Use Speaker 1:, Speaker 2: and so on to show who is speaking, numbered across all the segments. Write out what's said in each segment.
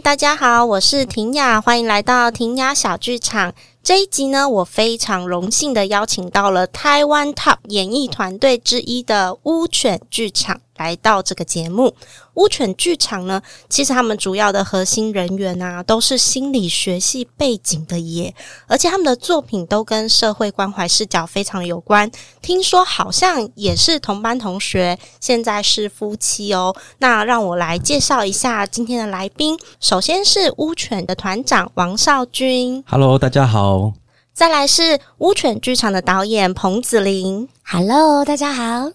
Speaker 1: 大家好，我是庭雅，歡迎來到庭雅小聚場。這一集呢，我非常榮幸地邀請到了台灣 Top 演藝團隊之一的烏犬劇場。來到這個節目，烏犬劇場呢，其實他們主要的核心人員啊，都是心理學系背景的耶，而且他們的作品都跟社會關懷視角非常有關。聽說好像也是同班同學，現在是夫妻哦。那讓我來介紹一下今天的來賓，首先是烏犬的團長王少君
Speaker 2: ，Hello，大家好。
Speaker 1: 再來是烏犬劇場的導演彭子玲，Hello，大家好。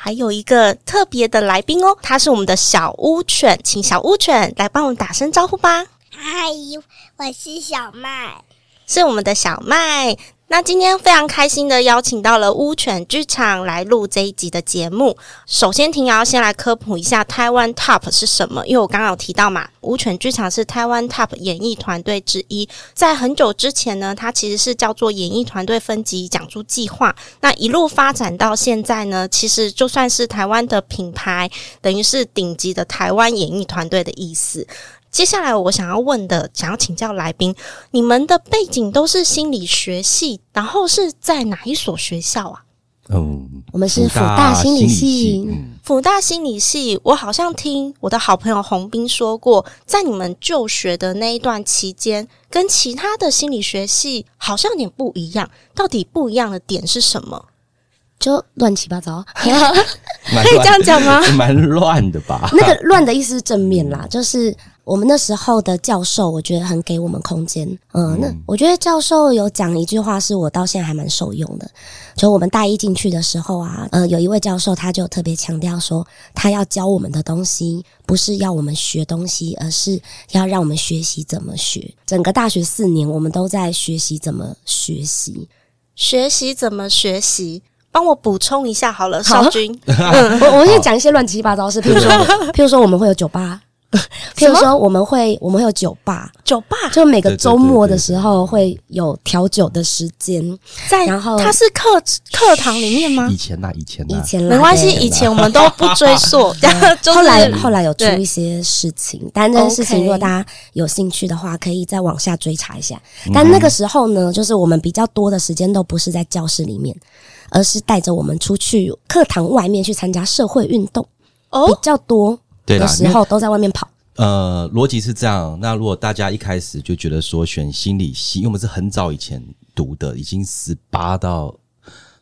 Speaker 1: 還有一個特別的來賓哦，他是我們的小烏犬，請小烏犬來幫我們打聲招呼吧。
Speaker 3: 嗨，我是小麥，
Speaker 1: 是我們的小麥。那今天非常開心的邀請到了烏犬劇場來錄這一集的節目。首先，庭雅先來科普一下台灣 TOP 是什麼，因為我剛剛有提到嘛，烏犬劇場是台灣 TOP 演藝團隊之一。在很久之前呢，它其實是叫做演藝團隊分級獎助計劃。那一路發展到現在呢，其實就算是台灣的品牌，等於是頂級的台灣演藝團隊的意思。接下來我想要問的，想要請教來賓，你們的背景都是心理學系，然後是在哪一所學校啊？嗯，我們是輔大心理系。輔大、嗯、輔大心理系，我好像聽我的好朋友泓賓說過，在你們就學的那一段期間，跟其他的心理學系好像有點不一樣。到底不一樣的點是什麼？就亂七八糟， 還蠻 可以這樣講嗎？
Speaker 2: 蠻亂的吧？那個
Speaker 1: 亂的意思是正
Speaker 3: 面啦，嗯、就是。我們那時候的教授，我覺得很給我們空間。嗯，那、嗯、我覺得教授有講一句話，是我到現在還蠻受用的。就我們大一進去的時候啊，呃，有一位教授他就特別強調說，他要教我們的東西不是要我們學東西，而是要讓我們學習怎麼學。整個大學四年，我們都在學習怎麼學習，
Speaker 1: 學習怎麼學習。幫我補充一下好了，少君， 我我們先講一些亂七八糟的事，譬如說，
Speaker 3: 譬如說，我們會有酒吧。比如說，我們會我們會有酒吧，酒吧就每個週末的時候會有調酒的時間，
Speaker 1: 在然後它是課課堂裡面嗎？以前呢、啊，以前呢、啊，以前、啊、沒關係、啊，以前我們都不追溯。然 後、就是、後來後來有出一
Speaker 3: 些事情，但這件事情如果大家有興趣的話，可以再往下追查一下。Okay、但那個時候呢，就是我們比較多的時間都不是在教室裡面，嗯、而是帶着我們出去課堂外面去參加社會運動哦比較多。對的時候，都在外面跑。
Speaker 2: 呃，邏輯是這樣。那如果大家一開始就覺得說選心理系，因為我們是很早以前讀的，已經十八到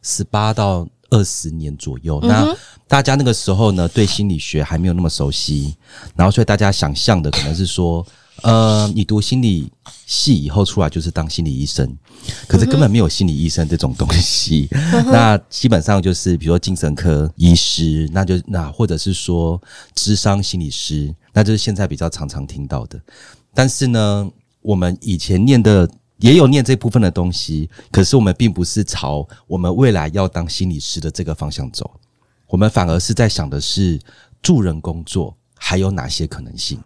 Speaker 2: 十八到二十年左右、嗯。那大家那個時候呢，對心理學還沒有那麼熟悉，然後所以大家想象的可能是說。呃，你讀心理系以後出來就是當心理醫生，
Speaker 1: 可是根本
Speaker 2: 沒有心理醫生這種東西。那基本上就是比如說精神科醫師，那就那，或者是說諮商心理師，那就是現在比較常常聽到的。但是呢，我們以前念的也有念這部分的東西，可是我們並不是朝我們未來要當心理師的這個方向走，我們反而是在想的是助人工作還有哪些可能性。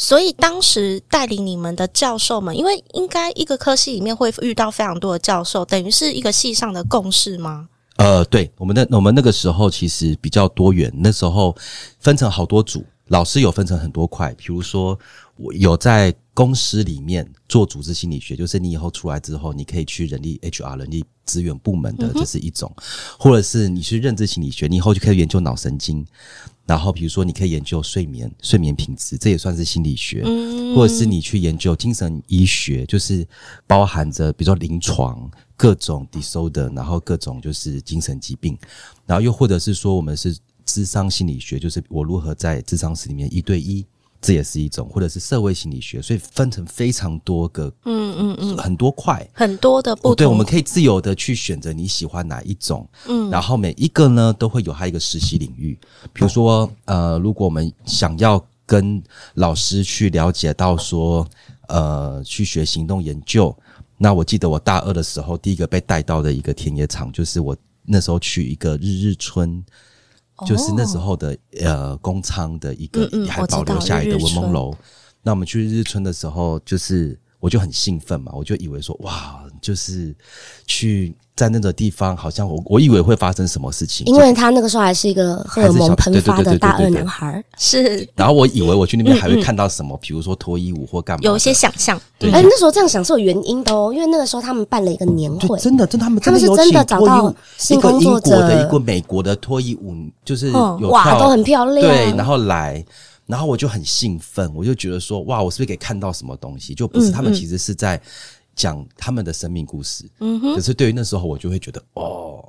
Speaker 1: 所以當時帶領你們的教授們，因為應該一個科系裡面會遇到非常多的教授，等於是一個系上的共識嗎？
Speaker 2: 呃，對，我們的我們那個時候其實比較多元，那時候分成好多組。老師有分成很多塊，比如說我有在公司裡面做組織心理學，就是你以後出來之後，你可以去人力 HR 人力資源部門的這、嗯，就是一種，或者是你去認知心理學，你以後就可以研究腦神經，嗯、然後比如說你可以研究睡眠睡眠品質，這也算是心理學、嗯，或者是你去研究精神醫學，就是包含着比如說臨床各種 disorder，然後各種就是精神疾病，然後又或者是說我們是諮商心理學就是我如何在諮商室裡面一對一，這也是一種，或者是社會心理學，所以分成非常多個，嗯嗯嗯，很多塊，
Speaker 1: 很多的部分，對，我們可以
Speaker 2: 自由的去選擇你喜歡哪一種，嗯，然後每一個呢都會有它一個實習領域，比如說，呃，如果我們想要跟老師去了解到說，呃，去學行動研究，那我記得我大二的時候第一個被帶到的一個田野場就是我那時候去一個日日春。就是那時候的、哦、呃，工廠的一個還保留下來的文萌樓、嗯嗯。那我們去日春的時候，就是我就很興奮嘛，我就以為說哇，就是去。在那個地方，好像我我以為會發生什麼事情，因為
Speaker 3: 他那個時候還是一個荷爾蒙噴發的大二男孩。是對對對對對對對對，是。
Speaker 2: 然後我以為我去那邊還會看到什麼，比、嗯嗯、如說脫衣舞或幹嘛，有一
Speaker 3: 些想象。哎、欸，那時候這樣想是有原因的哦，因為那個時候他們辦了一個年會，嗯、真的，真的他們真的他們是真的找到性工作者一個英國的一個
Speaker 2: 美國的脫衣舞，就是哇，都很漂亮。對，然後來，然後我就很興奮，我就覺得說，哇，我是不是可以看到什麼東西？就不是，他們其實是在。嗯嗯講他們的生命故事，嗯哼，可是對於那時候我就會覺得哦，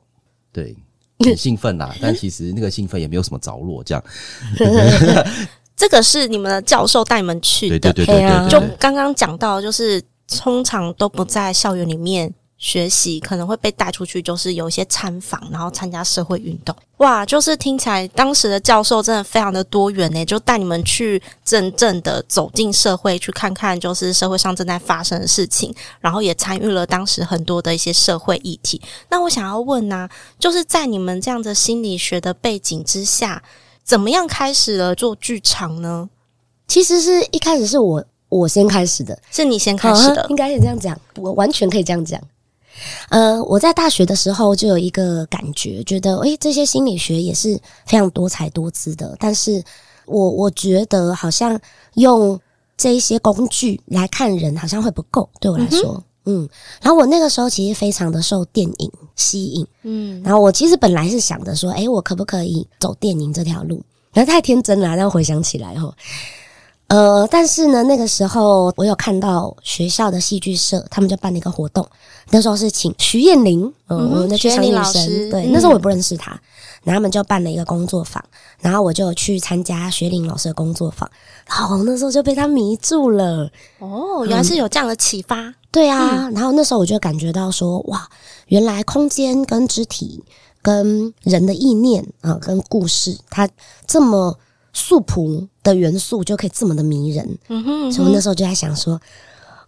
Speaker 2: 對，很興奮吶， 但其實那個興奮也沒有什麼着落，這樣。
Speaker 1: 這個是你們的教授帶你們去的？對對對對對，對，對，對，對，就剛剛講到，就是通常都不在校園裡面。嗯學習可能會被帶出去，就是有一些參訪，然後參加社會運動。哇，就是聽起來當時的教授真的非常的多元呢，欸，就帶你們去真正的走進社會，去看看就是社會上正在發生的事情，然後也參與了當時很多的一些社會議題。那我想要問呢，啊，就是在你們這樣的心理學的背景之下，怎麼樣開始了做劇場呢？
Speaker 3: 其實是一開始是我我先開始的，是你先開始的，哦，應該是這樣講，我完全可以這樣講。呃，我在大學的時候就有一個感覺，覺得誒、欸，這些心理學也是非常多才多姿的。但是我，我我覺得好像用這一些工具來看人，好像會不夠。對我來說嗯，嗯。然後我那個時候其實非常的受電影吸引，嗯。然後我其實本來是想着說，誒、欸，我可不可以走電影這條路？然後太天真了、啊。然後回想起來吼。呃，但是呢，那個時候我有看到學校的戲劇社，他們就辦了一個活動。那時候是請徐艷玲、呃，嗯，我們的徐艷玲老師，女神對、嗯，那時候我也不認識他，然後他們就辦了一個工作坊，然後我就去參加徐艷玲老師的工作坊，然、哦、後那時候就被他迷住了。
Speaker 1: 哦，嗯、原來是有這樣的啓發、嗯，
Speaker 3: 對啊、嗯。然後那時候我就感覺到說，哇，原來空間跟肢體跟人的意念啊、呃，跟故事，它這麼。素樸的元素就可以這麼的迷人，
Speaker 4: 嗯哼，所以那時候就
Speaker 3: 在想說，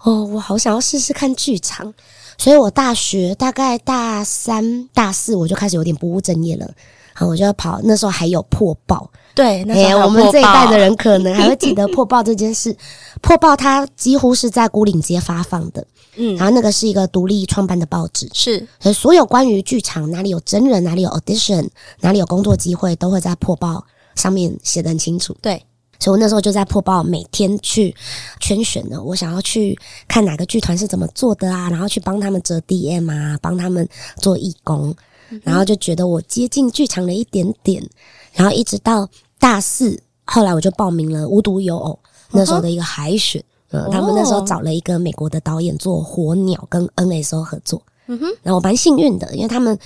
Speaker 3: 嗯、哦，我好想要試試看劇場。所以我大學大概大三、大四我就開始有點不務正業了，啊，我就要跑。那時候還有破報，
Speaker 1: 對，哎，我們這一代的人可能還會記得破
Speaker 3: 報這件事。破報 它幾乎是在牯嶺街發放的，嗯，然後那個是一個獨立創辦的報紙，是，所以所有關於劇場哪裡有真人，哪裡有 audition，哪裡有工作機會，都會在破報。上面寫的很清楚，對，所以我那時候就在破報每天去圈選呢。我想要去看哪個劇團是怎麼做的啊，然後去幫他們折 DM 啊，幫他們做義工、嗯，然後就覺得我接近劇場了一點點。然後一直到大四，後來我就報名了，無獨有偶、嗯，那時候的一個海選，嗯、呃哦，他們那時候找了一個美國的導演做火鳥跟 NSO 合作，嗯哼，然後我蠻幸運的，因為他們，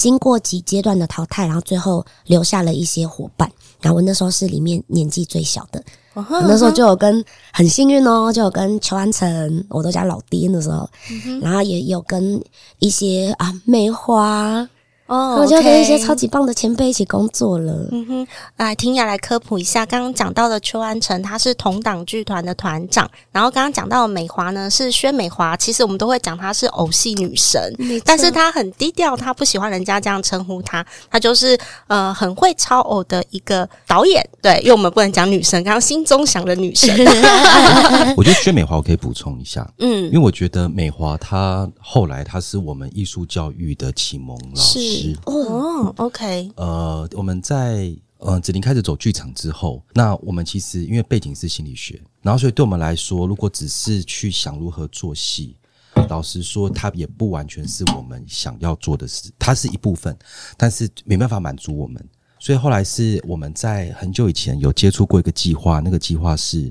Speaker 3: 經過幾階段的淘汰，然後最後留下了一些夥伴。然後我那時候是裡面年紀最小的，
Speaker 4: 哦、呵呵，我那時候就
Speaker 3: 有跟很幸運哦，就有跟邱安成，我都叫老爹的時候，嗯、然後也有跟一些啊梅花，
Speaker 1: 哦，我就跟一些超級
Speaker 3: 棒的前輩一起工作
Speaker 1: 了。嗯哼，來、呃、庭雅來科普一下，剛剛講到的邱安成，他是同黨劇團的團長。然後剛剛講到的美華呢，是薛美華。其實我們都會講她是偶戲女神，但是她很低調，她不喜歡人家這樣稱呼她。她就是呃，很會操偶的一個導演。對，因為我們不能講女神，剛剛心中想的女神。 哎哎哎哎，我覺
Speaker 2: 得薛美華我可以補充一下，嗯，因為我覺得美華她後來她是我們藝術教育的啟蒙老師。是
Speaker 1: 哦、oh，OK，呃，
Speaker 2: 我們在嗯，子玲開始走劇場之後，那我們其實因為背景是心理學，然後所以對我們來說，如果只是去想如何做戲，嗯，老實說，它也不完全是我們想要做的事，它是一部分，但是沒辦法滿足我們。所以後來是我們在很久以前有接觸過一個計劃，那個計劃是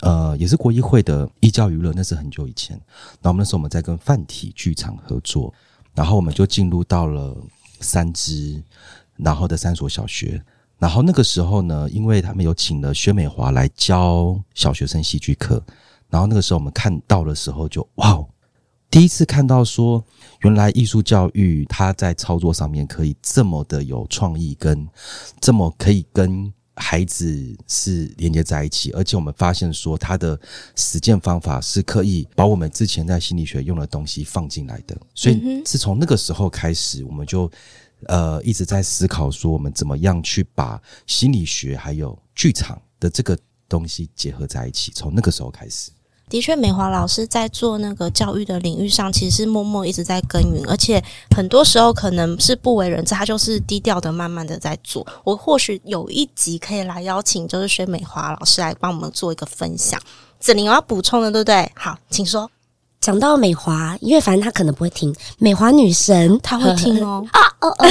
Speaker 2: 呃，也是國藝會的藝教娛樂，那是很久以前，然後我們那時候我們在跟泛體劇場合作。然後我們就進入到了三支，然後的三所小學。然後那個時候呢，因為他們有請了薛美華來教小學生戲劇課。然後那個時候我們看到的時候，就哇，第一次看到說，原來藝術教育它在操作上面可以這麼的有創意，跟這麼可以跟。孩子是連接在一起，而且我們發現說他的實踐方法是可以把我們之前在心理學用的東西放進來的，所以是從那個時候開始，我們就呃一直在思考說我們怎麼樣去把心理學還有劇場的這個東西結合在一起，從那個時候開始。
Speaker 1: 的確，美華老師在做那個教育的領域上，其實默默一直在耕耘，而且很多時候可能是不為人知，他就是低調的、慢慢的在做。我或許有一集可以來邀請，就是薛美華老師來幫我們做一個分享。子玲要補充的，對不對？好，請說。講到美華，因為
Speaker 3: 反正他可能不會聽，美華女神他會聽呵呵
Speaker 1: 哦啊哦哦，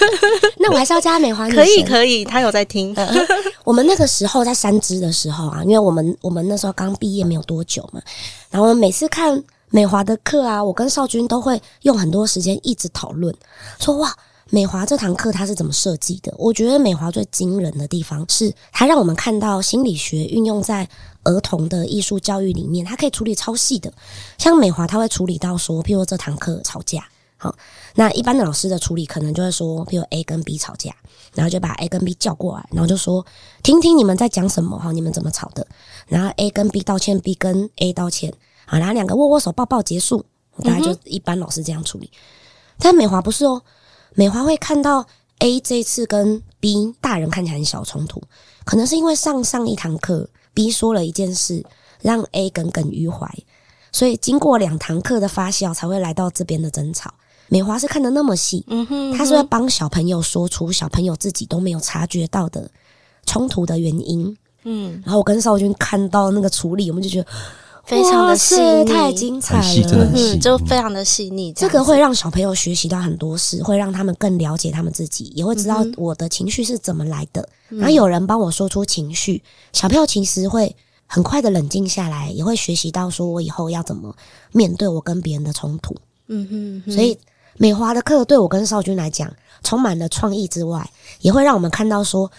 Speaker 1: 那我還是要加美華女神。可以可以，他有在聽。
Speaker 3: 我們那個時候在三支的時候啊，因為我們我們那時候剛畢業沒有多久嘛，然後我每次看美華的課啊，我跟少君都會用很多時間一直討論，說哇，美華這堂課它是怎麼設計的？我覺得美華最驚人的地方是，它讓我們看到心理學運用在。兒童的藝術教育裡面，他可以處理超細的，像美華，他會處理到說，譬如說這堂課吵架，好，那一般的老師的處理可能就會說，譬如說 A 跟 B 吵架，然後就把 A 跟 B 叫過來，然後就說，聽聽你們在講什麼哈，你們怎麼吵的，然後 A 跟 B 道歉，B 跟 A 道歉，好，然後兩個握握手抱抱結束，嗯、我大概就一般老師這樣處理，但美華不是哦，美華會看到 A 這次跟 B 大人看起來很小衝突，可能是因為上上一堂課。B 說了一件事，讓 A 耿耿於懷，所以經過兩堂課的發酵，才會來到這邊的爭吵。美華是看得那麼細，嗯哼，
Speaker 4: 嗯哼，他是會
Speaker 3: 幫小朋友說出小朋友自己都沒有察覺到的衝突的原因，嗯，然後我跟少君看到那個處理，我們就覺得。非常的細膩，太精彩了、嗯，
Speaker 1: 就非常的細膩這、這個會讓
Speaker 3: 小朋友學習到很多事，會讓他們更了解他們自己，也會知道我的情緒是怎麼來的。嗯、然後有人幫我說出情緒、嗯，小朋友其實會很快的冷靜下來，也會學習到說我以後要怎麼面對我跟別人的衝突。嗯
Speaker 4: 哼，嗯哼，所以
Speaker 3: 美華的課對我跟少君來講，充滿了創意之外，也會讓我們看到說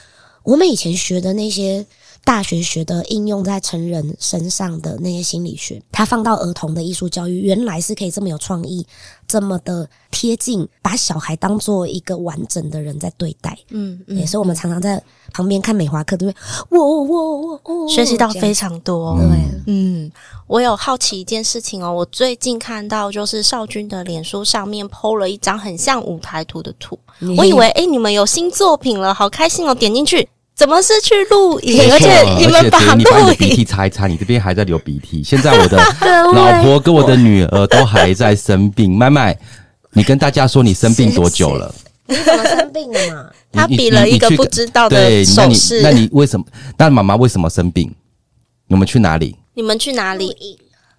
Speaker 3: 我們以前學的那些。大學學的應用在成人身上的那些心理學，它放到兒童的藝術教育，原來是可以這麼有創意、這麼的貼近，把小孩當做一個完整的人在對待。嗯嗯，也是我們常常在旁邊看美華課，對、嗯，
Speaker 1: 哇哇哇哇哇，學習到非常多。對啊、對啊，嗯，我有好奇一件事情哦，我最近看到就是少君的臉書上面 PO 了一張很像舞台圖的圖，嗯，我以為，誒、欸，你們有新作品了，好開心哦，點進去。怎麼是去露營？而且你們把露營，你你鼻涕
Speaker 2: 擦一擦，你這邊還在流鼻涕。現在我的老婆跟我的女兒都還在生病。脈 脈，你跟大家說，你生病多久了？是是你怎麼生病了嘛？ 他比了一個不知道的手勢。那你為什麼？那媽媽為什麼生病？你們去哪裡？
Speaker 1: 你們去哪裡？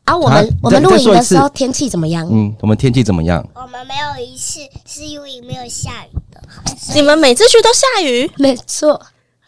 Speaker 1: 啊，我們我們露營的時候天氣怎麼樣？
Speaker 2: 嗯，我們天氣怎麼樣？
Speaker 3: 我們沒有一次是露
Speaker 1: 營沒有下雨的。你們每次去都下雨？沒錯。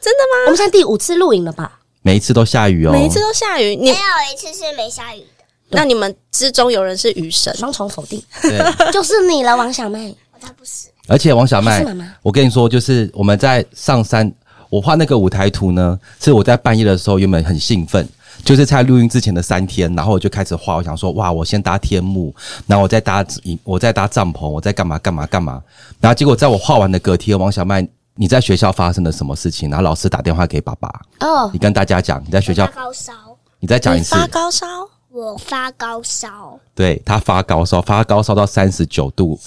Speaker 1: 真的嗎？
Speaker 3: 我們現在第五次露營了
Speaker 1: 吧？
Speaker 2: 每一次都下雨哦、喔，每一次
Speaker 1: 都下雨，沒有一次是沒下雨的。那你們之中有人是雨神？雙重否定，對， 就是你了，王小麥，我、哦、才
Speaker 2: 不是。而且王小麥，我跟你說，就是我們在上山，我畫那個舞台圖呢，是我在半夜的時候，原本很興奮，就是在錄音之前的三天，然後我就開始畫，我想說，哇，我先搭天幕，然後我再搭我再搭帳篷，我再幹嘛幹嘛幹嘛，然後結果在我畫完的隔天，王小麥。你在學校發生了什麼事情？然後老師打電話給爸爸。
Speaker 3: 哦、oh,，你跟
Speaker 2: 大家講你在學校發
Speaker 3: 高燒，你再講一次發高燒，我發高燒。
Speaker 2: 對他發高燒，發高燒到三十九度，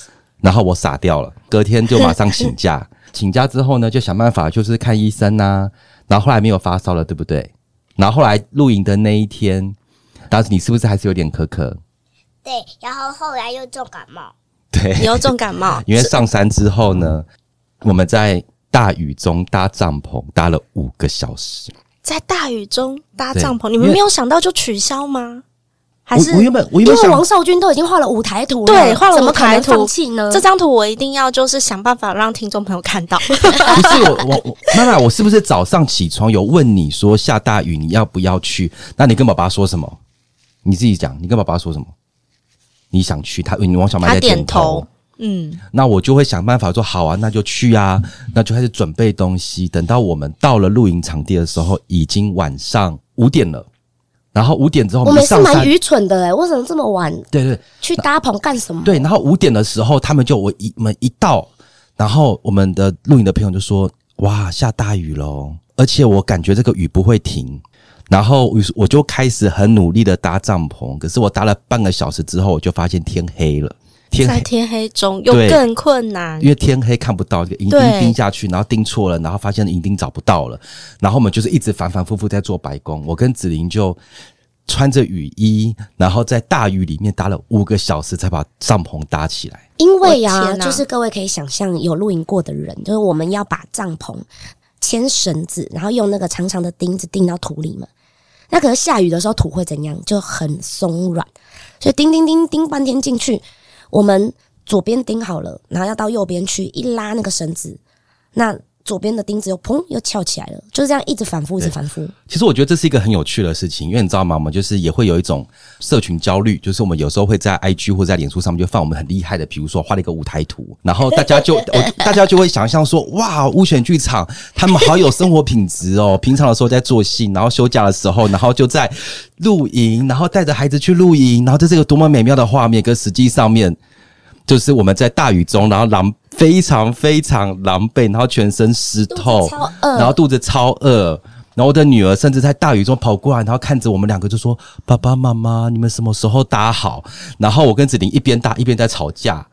Speaker 2: 然後我傻掉了。隔天就馬上請假， 請假之後呢，就想辦法，就是看醫生吶、啊。然後後來沒有發燒了，對不對？然後後來露營的那一天，當時你是不是還是有點咳咳？對，
Speaker 1: 然後後來又重感冒。
Speaker 2: 對，你又重感冒， 因為上山之後呢，嗯、我們在。大雨中搭帳篷，搭了五個小時。
Speaker 1: 在大雨中搭帳篷，你們沒有想到就取消嗎？
Speaker 3: 還是我，我，我因為王少
Speaker 1: 君都已經畫了舞台圖了，對，畫了，怎麼可能放棄呢？這張圖我一定要，就是想辦法讓聽眾朋友看到。
Speaker 2: 不是我，我媽媽，我是不是早上起床有問你說下大雨你要不要去？那你跟爸爸說什麼？你自己講，你跟爸爸說什麼？你想去，他，你王小麥在點頭。嗯，那我就會想辦法說好啊，那就去啊，那就開始準備東西。等到我們到了露營場地的時候，已經晚上五點了。然後五點之後我，我們是蠻愚
Speaker 3: 蠢的誒，為什麼這麼晚？對對，去搭棚幹什
Speaker 2: 麼？對。然後五點的時候，他們就我一我們一到，然後我們的露營的朋友就說：“哇，下大雨咯。而且我感覺這個雨不會停。”然後我我就開始很努力的搭帳篷，可是我搭了半個小時之後，我就發現天黑了。在天，
Speaker 1: 天黑中又更困難，因為天
Speaker 2: 黑看不到了，銀釘釘下去，然後釘錯了，然後發現銀釘找不到了，然後我們就是一直反反复覆在做白工。我跟子玲就穿着雨衣，然後在大雨裡面搭了五個小時才把帳篷搭起來。
Speaker 3: 因為呀啊，就是各位可以想象有露營過的人，就是我們要把帳篷牽繩子，然後用那個長長的釘子釘到土裡面。那可是下雨的時候土會怎樣？就很鬆軟，所以釘釘釘釘半天進去。我們左邊釘好了，然後要到右邊去一拉那個繩子，那。左邊的釘子又砰又翹起來了，就是這樣一直反覆，一直反覆。
Speaker 2: 其實我覺得這是一個很有趣的事情，因為你知道嗎？我們就是也會有一種社群焦慮，就是我們有時候會在 IG 或者在臉書上面就放我們很厲害的，比如說畫了一個舞台圖，然後大家就 大家就會想象說，哇，烏犬劇場他們好有生活品質哦，喔， 平常的時候在做戲，然後休假的時候，然後就在露營，然後帶着孩子去露營，然後在這是一個多麼美妙的畫面。跟實際上面就是我們在大雨中，然後狼，非常非常狼狽，然後全身濕透，然後肚子超餓，然後我的女兒甚至在大雨中跑過來，然後看着我們兩個就說：“爸爸媽媽，你們什麼時候搭好？”然後我跟子玲一邊搭一邊在吵架。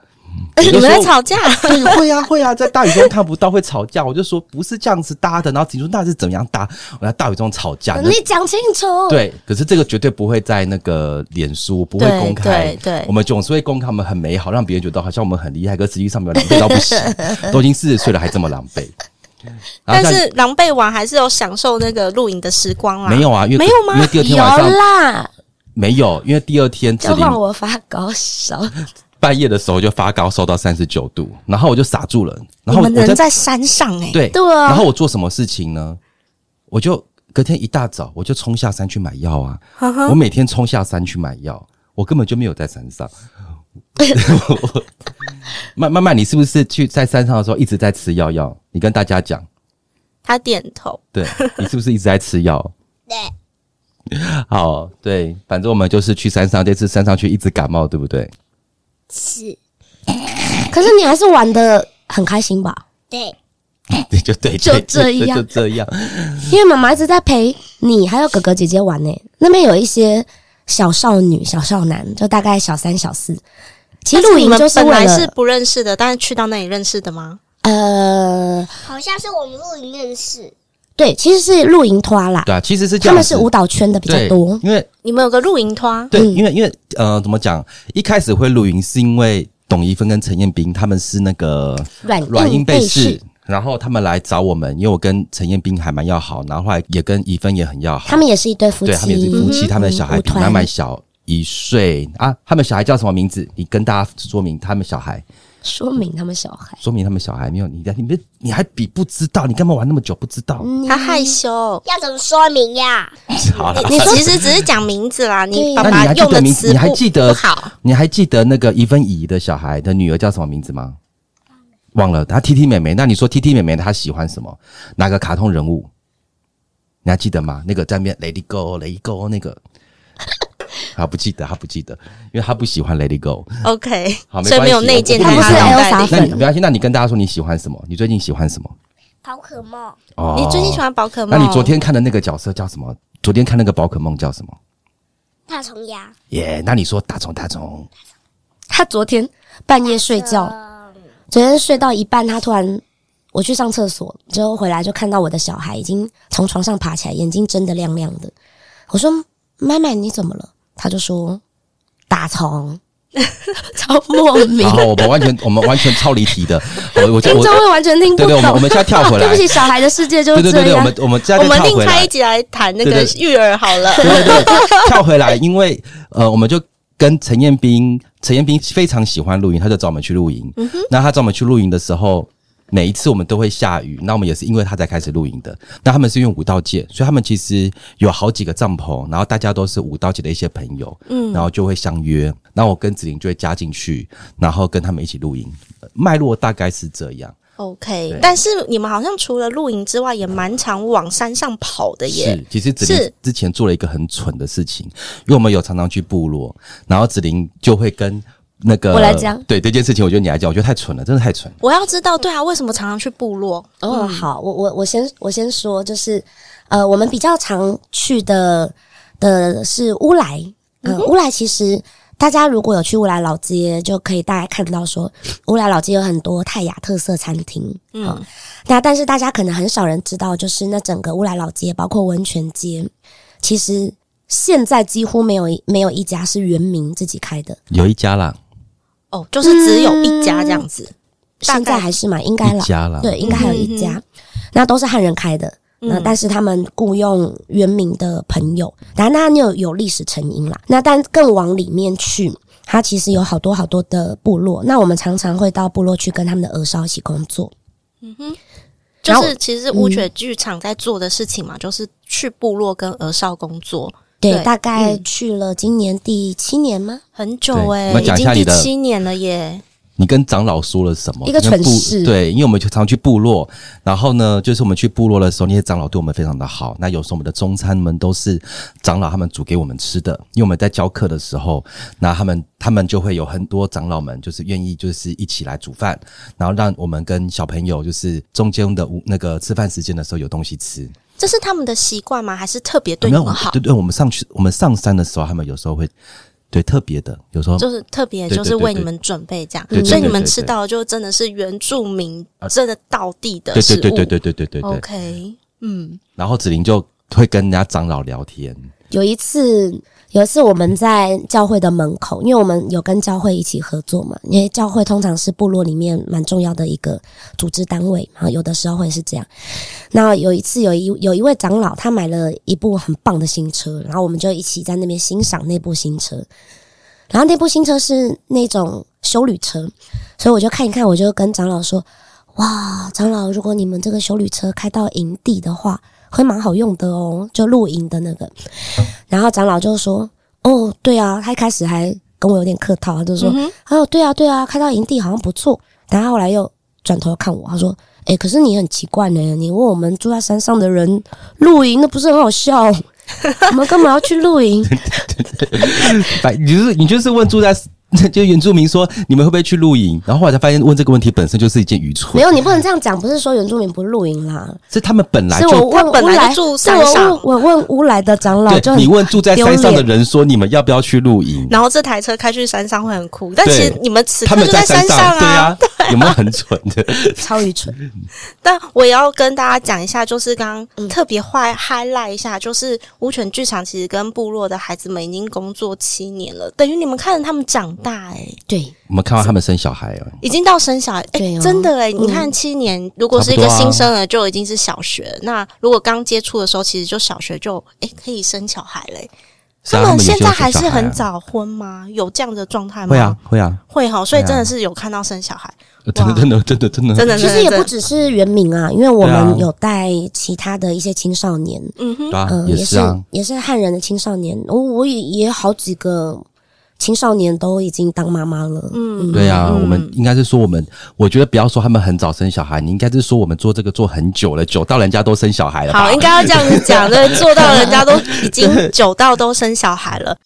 Speaker 3: 你們在吵架，會，會啊，會啊，
Speaker 2: 會啊 在大雨中看不到會吵架，我就說不是這樣子搭的，然後你說那是怎麼樣搭，我在大雨中吵架，你講
Speaker 3: 清楚。對，
Speaker 2: 可是這個絕對不會在那個臉書不會公開。對，對，對，我們總是會公開，我們很美好，讓別人覺得好像我們很厲害，可實際上沒有狼狽到不行， 都已經四十歲了還這麼狼狽。
Speaker 1: 但是狼狽完還是有享受那個露營的時光啊，沒有啊，因為，沒有嗎？因為第二天晚上有
Speaker 2: 沒有，因為第二天要讓
Speaker 1: 我發高燒。
Speaker 2: 半夜的時候就發高燒到三十九度，然後我就傻住了。然後我你們人
Speaker 1: 在山上哎，欸？對對，啊。然後我
Speaker 2: 做什麼事情呢？我就隔天一大早我就衝下山去買藥啊！Uh-huh. 我每天衝下山去買藥，我根本就沒有在山上。慢 慢慢，你是不是去在山上的時候一直在吃藥？藥？你跟大家講。
Speaker 1: 他點頭。
Speaker 2: 對，你是不是一直在吃藥？對。 好，對，反正我們就是去山上，這次山上去一直感冒，對不對？
Speaker 3: 是，可是你還是玩得很開心吧？對，
Speaker 2: 就對，就這樣，就這樣。
Speaker 3: 因為媽媽一直在陪你，還有哥哥姐姐玩呢。那邊有一些小少女、小少男，就大概小三、小四。其實露營就是，你們本來是
Speaker 1: 不認識的，但是去到那裡認識的嗎？
Speaker 3: 呃，
Speaker 1: 好像是我們露營認識。
Speaker 3: 對，其實是露營拖啦。對啊，其實是這樣。他們是舞蹈圈的比
Speaker 2: 較多，因為
Speaker 1: 你們有個露營拖。
Speaker 2: 對，嗯、因為因為呃，怎麼講？一開始會露營是因為董一芬跟陳彥斌他們是那個
Speaker 1: 軟軟硬背式，
Speaker 2: 然後他們來找我們，因為我跟陳彥斌還蠻要好，然後後來也跟宜芬也很要好。他
Speaker 3: 們也是一對夫妻，對他們也是夫妻，嗯、他們的小孩比脈脈、嗯、
Speaker 2: 小一歲啊。他們小孩叫什麼名字？你跟大家說明他們小孩。
Speaker 3: 說明他們小
Speaker 2: 孩，說明他們小孩沒有你大，你別，你還比不知道，你幹嘛玩那麼久不知道、嗯？
Speaker 1: 他害羞，要怎麼說明呀、啊？你你其實只是講名字啦，你爸爸用的名字、啊、你還記得？你還
Speaker 2: 記得，還記得那個一分乙的小孩的女兒叫什麼名字嗎？忘了，他 T T 妹妹。那你說 T T 妹妹她喜歡什麼？哪個卡通人物？你還記得嗎？那個在邊 Lady Go Lady Go 那個。 他、啊、不記得，他、啊、不記得，因為他不喜歡《Let It Go》。
Speaker 1: OK，好，沒有內奸，他沒有撒謊。沒
Speaker 2: 關係、啊啊，那你跟大家說你喜歡什麼？你最近喜歡什麼？
Speaker 3: 寶可夢。哦，你最近喜歡寶可夢？那你昨天
Speaker 2: 看的那個角色叫什麼？昨天看那個寶可夢叫什麼？
Speaker 3: 大蟲牙。耶、yeah，
Speaker 2: 那你說大蟲，大蟲。
Speaker 3: 他昨天半夜睡覺，昨天睡到一半，他突然，我去上廁所，之後回來就看到我的小孩已經從床上爬起來，眼睛睜得亮亮的。我說：“媽媽你怎麼了？”他就說：“打蟲， 超
Speaker 1: 莫名。”然後我
Speaker 2: 們完全， 我們完全超離題的。 我就我聽中文完全聽不懂。對對，對我，我們我們現在跳回來、 啊。對不起，小
Speaker 1: 孩的世界就是對對對，對對對。我們我們再我們另開一集來談那個育兒好了。
Speaker 2: 跳回來，因為呃，我們就跟陳彥斌，陳彥斌非常喜歡露營，他就找我們去露營。嗯哼。那他找我們去露營的時候，每一次我們都會下雨，那我們也是因為他才開始露營的。那他們是用舞蹈界，所以他們其實有好幾個帳篷，然後大家都是舞蹈界的一些朋友，嗯，然後就會相約。那我跟子玲就會加進去，然後跟他們一起露營。脈絡大概是這樣
Speaker 1: ，OK。但是你們好像除了露營之外，也蠻常往山上跑的耶。是，其實子玲
Speaker 2: 之前做了一個很蠢的事情，因為我們有常常去部落，然後子玲就會跟。那個我來講、呃，對這件事情，我覺得你來講，我覺得太蠢了，真的太蠢，
Speaker 1: 我要知道，對啊，為什麼常常去部落？嗯、哦，
Speaker 3: 好，我我我先我先說，就是呃，我們比較常去的的是烏來、呃，嗯，烏來其實大家如果有去烏來老街，就可以大概看到說烏來老街有很多泰雅特色餐廳，嗯、哦，那但是大家可能很少人知道，就是那整個烏來老街，包括溫泉街，其實現在幾乎沒有沒有一家是原民自己開的，
Speaker 2: 有一家啦。
Speaker 1: 哦，
Speaker 3: 就是只有一家這樣子，嗯、現在還是嘛，應該啦，對，應該還有一家，嗯、哼哼，那都是漢人開的，嗯、那但是他們僱傭原民的朋友，然後那，那就有有歷史成因啦，那但更往裡面去，它其實有好多好多的部落，那我們常常會到部落去跟他們的兒少一起工作，
Speaker 1: 嗯哼，就是其實烏犬劇場在做的事情嘛，嗯、就是去部落跟兒少工作。
Speaker 3: 對，大概去了今年第七年嗎？嗯、很久誒，我們講一下你的，第七年
Speaker 1: 了耶。
Speaker 2: 你跟長老說了什麼？一個城市。對，因為我們就常去部落，然後呢，就是我們去部落的時候，那些長老對我們非常的好。那有時候我們的中餐們都是長老他們煮給我們吃的，因為我們在教課的時候，那他們他們就會有很多長老們就是願意就是一起來煮飯，然後讓我們跟小朋友就是中間的那個吃飯時間的時候有東西吃。
Speaker 1: 這是他們的習慣嗎？還是特別對你們好？啊、對，對對，我
Speaker 2: 們上去，我們上山的時候，他們有時候會對特別的，有時候就是
Speaker 1: 特別，就是為你們準備這樣。對對對對對，所以你們吃到就真的是原住民真的道地的食物。啊、對，對對對對對對對對。OK，嗯。
Speaker 2: 然後子玲就會跟人家長老聊天。
Speaker 3: 有一次。有一次我們在教會的門口，因為我們有跟教會一起合作嘛，因為教會通常是部落裡面蠻重要的一個組織單位，然後有的時候會是這樣。那有一次有一有一位長老他買了一部很棒的新車，然後我們就一起在那邊欣賞那部新車。然後那部新車是那種休旅車，所以我就看一看，我就跟長老說：“哇，長老，如果你們這個休旅車開到營地的話。”還蠻好用的哦，就露營的那個、嗯。然後長老就說：“哦，對啊，他一開始還跟我有點客套，他就說：‘嗯、哦，對啊，對啊，開到營地好像不錯。’然後後來又轉頭看我，他說：‘誒，可是你很奇怪呢，、欸，你問我們住在山上的人露營，那不是很好笑？我 們幹嘛要去露營？’”“
Speaker 2: 白、 就是，你是你就是問住在。”就原住民說，你們會不會去露營？然後後來才發現，問這個問題本身就是一件愚蠢。
Speaker 3: 沒有，你不能這樣講。不是說原住民不露營啦，
Speaker 2: 是他們本來就是
Speaker 1: 我問住山上，我問烏來的長老就，就你問住在山上的
Speaker 2: 人說，你們要不要去露營？
Speaker 1: 然後這台車開去山上會很酷。但其實你們此刻就在山上啊，
Speaker 2: 對啊，有沒有很蠢的？
Speaker 1: 超愚蠢。但我也要跟大家講一下，就是剛，剛特別壞 highlight 一下，就是烏犬劇場其實跟部落的孩子們已經工作七年了，等於你們看着他們長。大誒、欸，對，我們看
Speaker 2: 到他們生小孩
Speaker 1: 哦，已經到生小孩，欸、對、啊，真的哎、欸，你看七年、嗯，如果是一個新生兒就已經是小學、啊，那如果剛接觸的時候，其實就小學就哎、欸、可以生小孩嘞、欸啊。他們現在還是很早婚嗎？有這樣的狀態嗎、啊啊？會啊會啊會齁，所以真的是有看到生小孩，
Speaker 3: 真的真的真的真的真的，其實也不只是原民啊，因為我們有帶其他的一些青少年，啊、嗯哼，嗯啊呃、也是、啊、也是也是漢人的青少年，我我也也有好幾個。青少年都已經當媽媽了，
Speaker 1: 嗯，對呀、啊嗯，我們
Speaker 2: 應該是說我們，我覺得不要說他們很早生小孩，你應該是說我們做這個做很久了，久到人家都生小孩了，好，應該要這樣講，的 做到人家都已經
Speaker 1: 久到都生小孩了。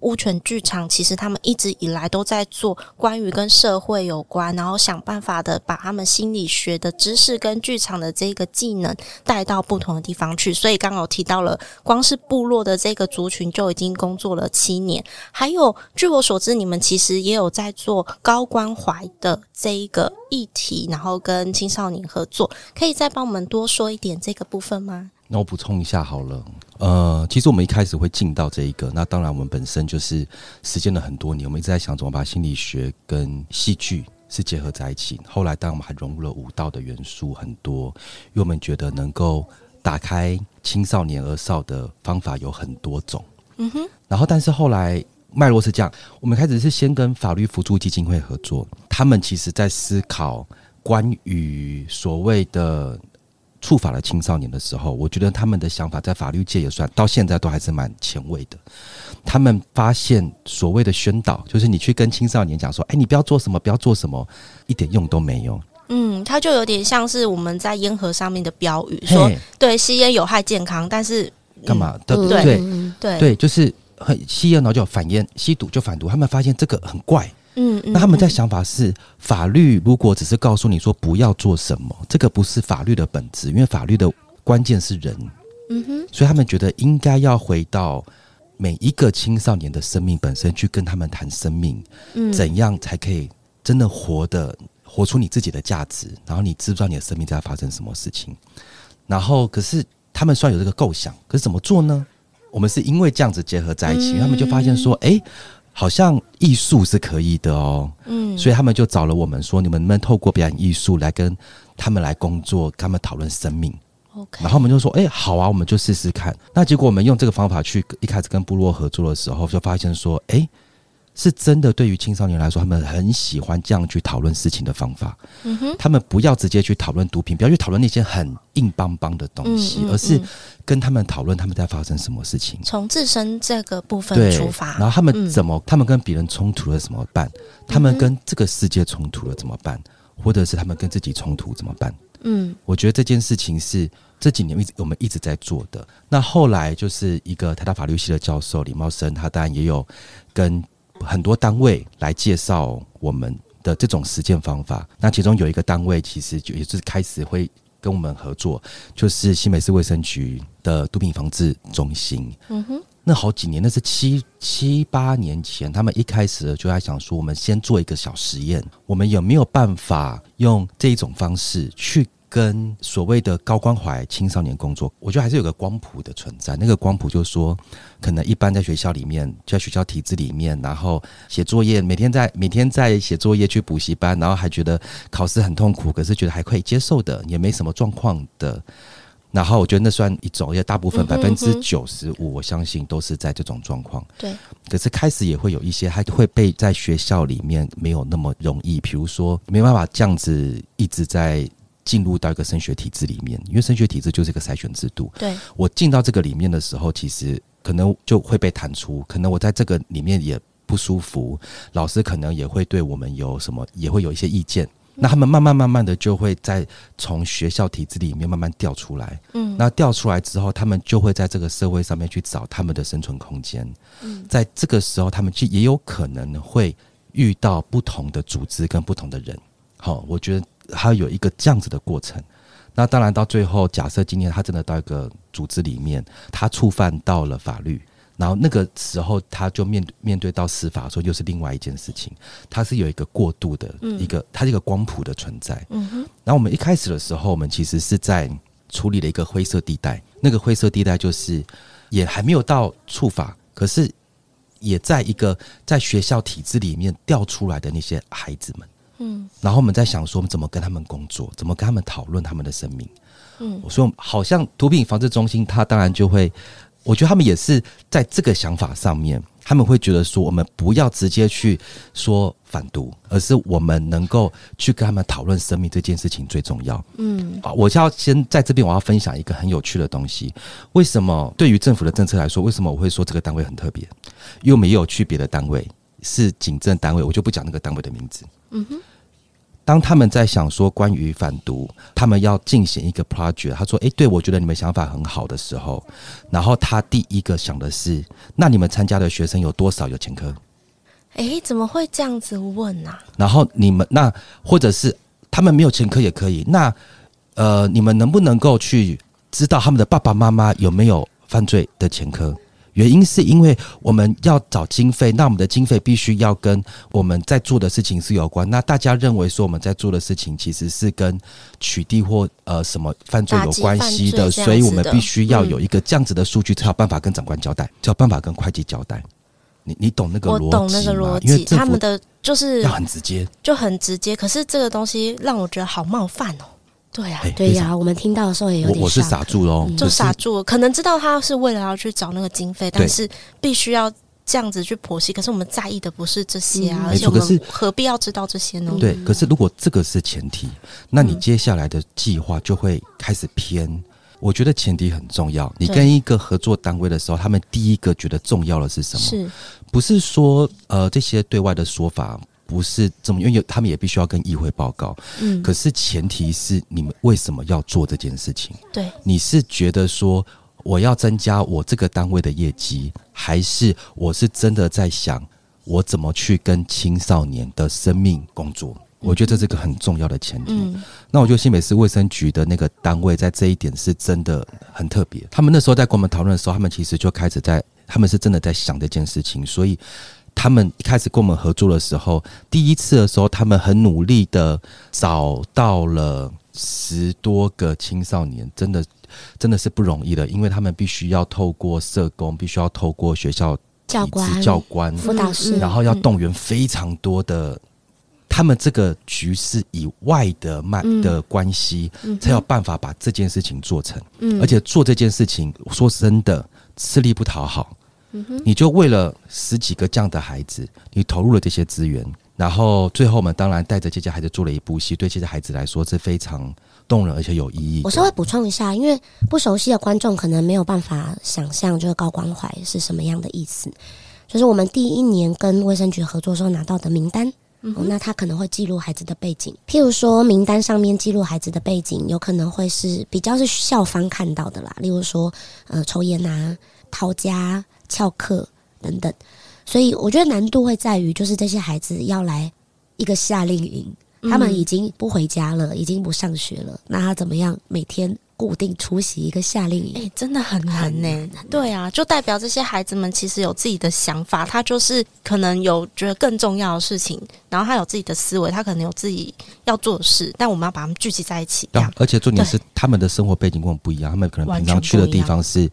Speaker 1: 烏犬劇場其實他們一直以來都在做關於跟社會有關，然後想辦法的把他們心理學的知識跟劇場的這個技能帶到不同的地方去。所以剛剛有提到了，光是部落的這個族群就已經工作了七年。還有，據我所知，你們其實也有在做高關懷的這一個議題，然後跟青少年合作，可以再幫我們多說一點這個部分嗎？
Speaker 2: 那我補充一下好了，呃，其實我們一開始會進到這一個，那當然我們本身就是實踐了很多年，我們一直在想怎麼把心理學跟戲劇是結合在一起。後來，當然我們還融入了舞蹈的元素很多，因為我們覺得能夠打開青少年兒少的方法有很多種。嗯哼。然後，但是後來脈絡是這樣，我們開始是先跟法律扶助基金會合作，他們其實在思考關於所謂的。處罰了青少年的時候，我覺得他們的想法在法律界也算到現在都還是蠻前衛的。他們發現所謂的宣導，就是你去跟青少年講說：“哎、欸，你不要做什麼，不要做什麼，一點用都沒有。”嗯，
Speaker 1: 他就有點像是我們在菸盒上面的標語，說對吸菸有害健康，但是
Speaker 2: 幹、嗯、嘛？對不對？嗯、對對，對，對，就是吸菸然後就反菸，吸毒就反毒，他們發現這個很怪。那他們在想法是，法律如果只是告訴你說不要做什麼，這個不是法律的本質，因為法律的關鍵是人、嗯
Speaker 4: 哼。所以他
Speaker 2: 們覺得應該要回到每一個青少年的生命本身去跟他們談生命，怎樣才可以真的活得活出你自己的價值，然後你知不知道你的生命在發生什麼事情？然後可是他們雖然有這個構想，可是怎麼做呢？我們是因為這樣子結合在一起，嗯、他們就發現說，哎、欸。好像藝術是可以的哦，嗯，所以他們就找了我們說，你們能不能透過表演藝術來跟他們來工作，跟他們討論生命。OK。然後我們就說，欸，好啊，我們就試試看。那結果我們用這個方法去一開始跟部落合作的時候，就發現說，欸。是真的，對於青少年來說，他們很喜歡這樣去討論事情的方法，嗯。他們不要直接去討論毒品，不要去討論那些很硬邦邦的東西，嗯嗯嗯，而是跟他們討論他們在發生什麼事情。
Speaker 1: 從自身這個部分出發，然後他們怎麼，
Speaker 2: 嗯、他們跟別人衝突了怎麼辦？嗯。他們跟這個世界衝突了怎麼辦？或者是他們跟自己衝突怎麼辦？嗯，我覺得這件事情是這幾年一直我們一直在做的。那後來就是一個台大法律系的教授李茂生，他當然也有跟。很多單位來介紹我們的這種實踐方法，那其中有一個單位其實也就也是開始會跟我們合作，就是新北市衛生局的毒品防治中心。嗯
Speaker 4: 哼，
Speaker 2: 那好幾年，那是七七八年前，他們一開始就在想說，我們先做一個小實驗，我們有沒有辦法用這一種方式去。跟所謂的高關懷青少年工作，我覺得還是有個光譜的存在。那個光譜就是說，可能一般在學校裡面，在學校體制裡面，然後寫作業，每天在每天在寫作業去補習班，然後還覺得考試很痛苦，可是覺得還可以接受的，也沒什麼狀況的。然後我覺得那算一種，也大部分百分之九十五，我相信都是在這種狀況。嗯。對。可是開始也會有一些，還會被在學校裡面沒有那麼容易，比如說沒辦法這樣子一直在。進入到一個升學體制裡面，因為升學體制就是一個篩選制度。對，我進到這個裡面的時候，其實可能就會被彈出，可能我在這個裡面也不舒服，老師可能也會對我們有什麼，也會有一些意見。嗯，那他們慢慢慢慢的就會在從學校體制裡面慢慢掉出來。嗯，那掉出來之後，他們就會在這個社會上面去找他們的生存空間。嗯，在這個時候，他們其實也有可能會遇到不同的組織跟不同的人。好，哦，我覺得。他有一個這樣子的過程，那當然到最後，假設今天他真的到一個組織裡面，他觸犯到了法律，然後那個時候他就面對面對到司法，說又是另外一件事情，他是有一個過渡的、嗯、一個，他是一個光譜的存在。嗯。然後我們一開始的時候，我們其實是在處理了一個灰色地帶，那個灰色地帶就是也還沒有到觸法，可是也在一個在學校體制裡面掉出來的那些孩子們。嗯，然後我們在想說，我們怎麼跟他們工作，怎麼跟他們討論他們的生命。嗯，我說好像毒品防治中心，他當然就會，我覺得他們也是在這個想法上面，他們會覺得說，我們不要直接去說反毒，而是我們能夠去跟他們討論生命這件事情最重要。嗯，啊，我就要先在這邊，我要分享一個很有趣的東西。為什麼對於政府的政策來說，為什麼我會說這個單位很特別？又沒有去別的單位，是警政單位，我就不講那個單位的名字。嗯哼，當他們在想說關於反毒，他們要進行一個 project，他說：“哎，對，我覺得你們想法很好的時候，然後他第一個想的是，那你們參加的學生有多少有前科？
Speaker 1: 哎，怎麼會這樣子問呢？
Speaker 2: 然後你們那或者是他們沒有前科也可以，那呃，你們能不能夠去知道他們的爸爸媽媽有沒有犯罪的前科？”原因是因為我們要找經費，那我們的經費必須要跟我們在做的事情是有關。那大家認為說我們在做的事情其實是跟取締或呃什麼犯罪有關係的，的，所以我們必須要有一個這樣子的數據，嗯，才有辦法跟長官交代，才有辦法跟會計交代。你你懂那個邏輯嗎？我懂那個邏輯，因為他們的
Speaker 1: 就是要很直接，就很直接。可是這個東西讓我覺得好冒犯哦。對呀、啊，對呀、啊啊，我們聽到的時候也有點我我是傻住
Speaker 2: 嘍，就傻住、
Speaker 1: 嗯。可能知道他是為了要去找那個經費、嗯，但是必須要這樣子去剖析。可是我們在意的不是這些啊，沒、嗯、錯，而且我們何必要知道這些呢、嗯？對，可
Speaker 2: 是如果這個是前提、嗯，那你接下來的計劃就會開始偏、嗯。我覺得前提很重要。你跟一個合作單位的時候，他們第一個覺得重要的是什麼？是，不是說呃這些對外的說法。不是這麼因為有他們也必須要跟議會報告，嗯，可是前提是你們為什麼要做這件事情？對，你是覺得說我要增加我這個單位的業績，還是我是真的在想我怎麼去跟青少年的生命工作？嗯、我覺得這是個很重要的前提。嗯、那我覺得新北市衛生局的那個單位在這一點是真的很特別。他們那時候在跟我們討論的時候，他們其實就開始在他們是真的在想這件事情，所以。他們一開始跟我們合作的時候，第一次的時候，他們很努力的找到了十多個青少年，真的真的是不容易的，因為他們必須要透過社工，必須要透過學校教官、教官、教官、導師，然後要動員非常多的、嗯、他們這個局勢以外的脈、嗯、的關係、嗯，才有辦法把這件事情做成。嗯、而且做這件事情，說真的，吃力不討好。你就為了十幾個這樣的孩子，你投入了這些資源，然後最後我們當然帶着這些孩子做了一部戲，對這些孩子來說是非常動人而且有意義。我稍微
Speaker 3: 補充一下，因為不熟悉的觀眾可能沒有辦法想象，就是高關懷是什麼樣的意思。就是我們第一年跟衛生局合作時候拿到的名單，嗯哦、那他可能會記錄孩子的背景，譬如說名單上面記錄孩子的背景，有可能會是比較是校方看到的啦，例如說呃抽煙啊、逃家。翹課等等，所以我覺得難度會在於，就是這些孩子要來一個夏令營，嗯，他們已經不回家了，已經不上學了，那他怎麼樣每天固定出席一個夏令
Speaker 1: 營？哎、欸，真的很難呢，欸。對啊，就代表這些孩子們其實有自己的想法，他就是可能有覺得更重要的事情，然後他有自己的思維，他可能有自己要做的事，但我們要把他們聚集在一起。對，啊，
Speaker 2: 而且重點是他們的生活背景跟我們不一樣，他們可能平常去的地方是。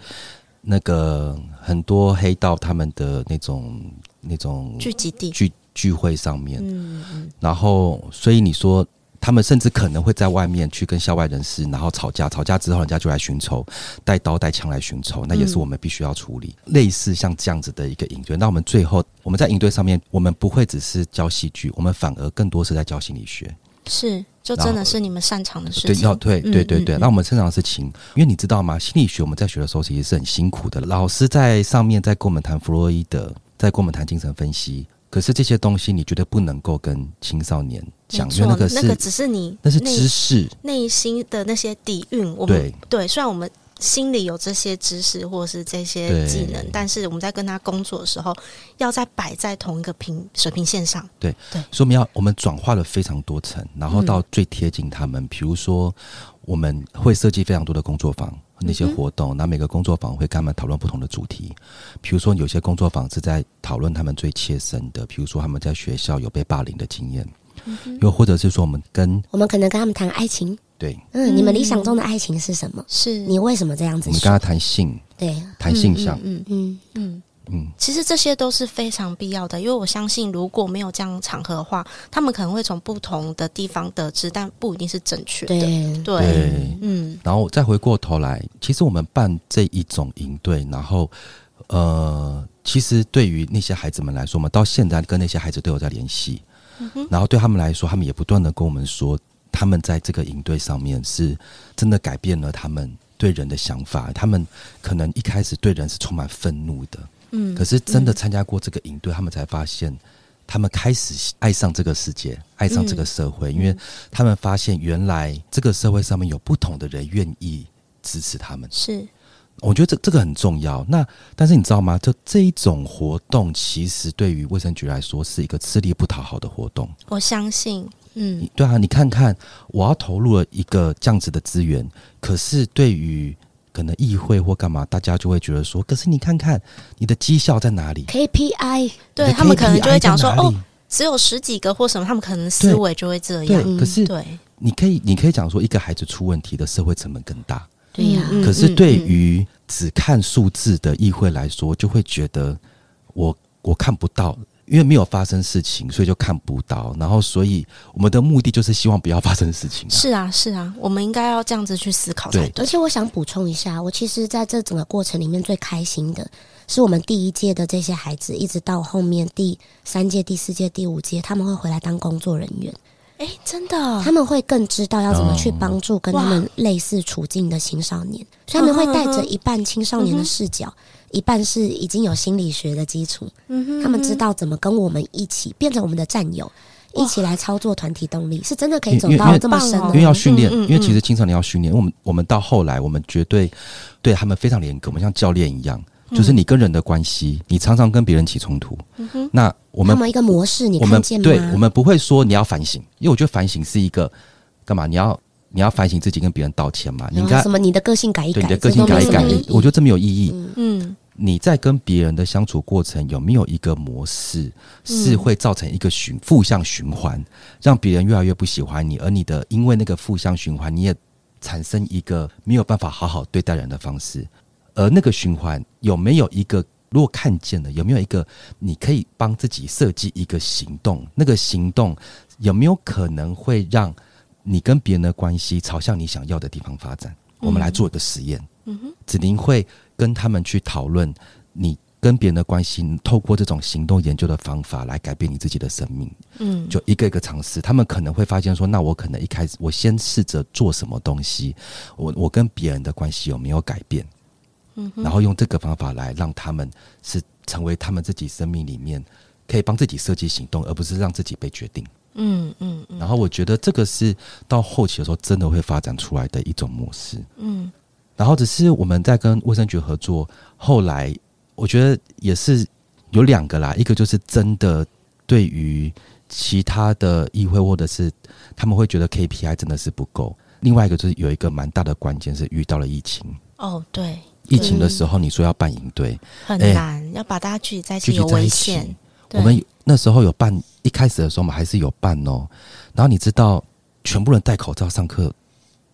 Speaker 2: 那個很多黑道他們的那種那種
Speaker 1: 聚集地、
Speaker 4: 聚
Speaker 2: 聚會上面，嗯、然後所以你說他們甚至可能會在外面去跟校外人士，然後吵架，吵架之後人家就來尋仇，帶刀帶槍來尋仇，那也是我們必須要處理、嗯。類似像這樣子的一個營隊，那我們最後我們在營隊上面，我們不會只是教戲劇，我們反而更多是在教心理學，
Speaker 1: 是。就真的是你們擅長的事情。對，對，對，對對，對，對。那、嗯嗯、我們
Speaker 2: 擅長的事情、嗯，因為你知道嗎？心理學我們在學的時候，其實是很辛苦的。老師在上面在跟我們談弗洛，洛伊德，在跟我們談精神分析。可是這些東西，你覺得不能夠跟青少年講，因為那個是那個只是你，那是知識
Speaker 1: 內心的那些底蘊。我們對，對，雖然我們。心裡有這些知識或者是這些技能，但是我們在跟他工作的時候，要再擺在同一個平水平線上。
Speaker 2: 對對，所以我們要我們轉化了非常多層，然後到最貼近他們、嗯。比如說，我們會設計非常多的工作坊那些活動，那、嗯、每個工作坊會跟他們討論不同的主題。比如說，有些工作坊是在討論他們最切身的，比如說他們在學校有被霸凌的經驗，又、嗯、或者是說我們跟
Speaker 3: 我們可能跟他們談愛情。對，嗯，你們理想中的愛情是什麼？是你為什麼這樣子？我們剛才談性，對，談
Speaker 1: 性向，嗯嗯嗯嗯，嗯，嗯，其實這些都是非常必要的，因為我相信，如果沒有這樣場合的話，他們可能會從不同的地方得知，但不一定是正確的。對。對，
Speaker 2: 嗯，然後再回過頭來，其實我們辦這一種營隊，然後，呃，其實對於那些孩子們來說，我們到現在跟那些孩子都有在聯繫，嗯，然後對他們來說，他們也不斷的跟我們說。他們在這個營隊上面是真的改變了他們對人的想法。他們可能一開始對人是充滿憤怒的，嗯，可是真的參加過這個營隊，嗯，他們才發現，他們開始愛上這個世界，愛上這個社會，嗯，因為他們發現原來這個社會上面有不同的人願意支持他們。是，我覺得這這個很重要。那但是你知道嗎？就這一種活動，其實對於衛生局來說是一個吃力不討好的活動。
Speaker 1: 我相信。
Speaker 2: 嗯，對啊，你看看，我要投入了一個這樣子的資源，可是對於可能議會或幹嘛，大家就會覺得說，可是你看看你的績效在哪裡
Speaker 1: ？KPI，對 KPI 他們可能就會講說，哦，只有十幾個或什麼，他們可能思維就會這樣。對，對可是可
Speaker 2: 對，你可以你可以講說，一個孩子出問題的社會成本更大，對呀。嗯嗯嗯嗯，可是對於只看數字的議會來說，就會覺得我我看不到。因為沒有發生事情，所以就看不到。然後，所以我們的目的就是希望不要發生事情
Speaker 1: 啊。是啊，是啊，我們應該要這樣子去思考才對。對。而且，我想補充一下，我其實在這整個過程裡
Speaker 3: 面最開心的是，我們第一屆的這些孩子，一直到後面第三屆、第四屆、第五屆，他們會回來當工作人員。誒，真的、哦，他們會更知道要怎麼去幫助跟他們類似處境的青少年，哦、所以他們會帶着一半青少年的視角、哦嗯，一半是已經有心理學的基礎，嗯，嗯，他們知道怎麼跟我們一起變成我們的戰友，哦、一起來操作團體動力，是真的可以走到這麼深、啊因，因為要訓練、哦，因為其實
Speaker 2: 青少年要訓練，我、嗯、們、嗯嗯、我們到後來我們絕對對他們非常嚴格，我們像教練一樣。就是你跟人的關係，嗯，你常常跟別人起衝突，嗯。那我們什麼一個模
Speaker 3: 式？你看見嗎？我對我們
Speaker 2: 不會說你要反省，因為我覺得反省是一個幹嘛？你要你要反省自己跟別人道歉嘛？你應該什麼你改
Speaker 3: 改？你的個性改一改，你的個性改一改，我覺得這沒有意義。嗯，
Speaker 2: 你在跟別人的相處過程有沒有一個模式是會造成一個循負向循環，讓別人越來越不喜歡你，而你的因為那個負向循環，你也產生一個沒有辦法好好對待人的方式。而那個循環有沒有一個？如果看見了，有沒有一個你可以幫自己設計一個行動？那個行動有沒有可能會讓你跟別人的關係朝向你想要的地方發展？嗯、我們來做一個實驗。嗯
Speaker 4: 哼，子玲會
Speaker 2: 跟他們去討論你跟別人的關係，透過這種行動研究的方法來改變你自己的生命。嗯，就一個一個嘗試，他們可能會發現說：那我可能一開始我先試着做什麼東西？我我跟別人的關係有沒有改變？然後用這個方法來讓他們是成為他們自己生命裡面可以幫自己設計行動，而不是讓自己被決定。嗯
Speaker 4: 嗯，嗯。
Speaker 2: 然後我覺得這個是到後期的時候真的會發展出來的一種模式。嗯。然後只是我們在跟衛生局合作，後來我覺得也是有兩個啦，一個就是真的對於其他的議會或者是他們會覺得 KPI 真的是不夠，另外一個就是有一個蠻大的關鍵是遇到了疫情。
Speaker 1: 哦，對。疫情的時
Speaker 2: 候，你說要辦營隊，很難、欸、
Speaker 1: 要把大家聚集在一起，有危險。我們
Speaker 2: 那時候有辦，一開始的時候我們還是有辦哦。然後你知道，全部人戴口罩上課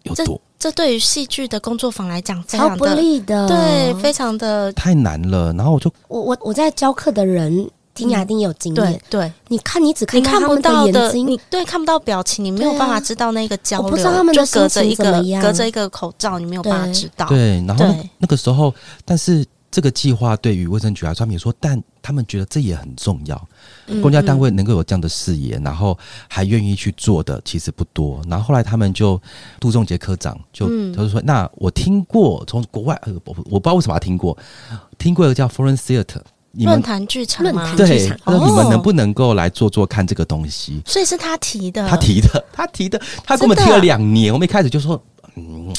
Speaker 2: 有多？
Speaker 1: 這，這對於戲劇的工作坊來講，超不利的，對，非常的，太難了。然後我就，我
Speaker 3: 我我在教課的人。庭雅一定有經
Speaker 1: 驗，對，你看，你只看你看不到的，的眼，你對，看不到表情，啊，你沒有辦法知道那個交流。我不知道他們的神情，就隔著一個怎麼隔着一個口罩，你沒有辦法知道。對，對然後那，
Speaker 2: 那個時候，但是這個計劃對於衛生局啊、來說，但他們覺得這也很重要。嗯，公家單位能夠有這樣的視野，嗯嗯、然後還願意去做的，其實不多。然後後來他們就杜仲杰科長就他、嗯、就說：“那我聽過從國外，我、呃、我不知道為什麼聽過，聽過一個叫 Foreign Theater 論
Speaker 1: 壇劇場嗎？對，那你們能不
Speaker 2: 能夠來做做看這個東西？哦，所以
Speaker 1: 是他提的，他提
Speaker 2: 的，他提的，他給我們提了兩年，啊，我們一開始就說，嗯。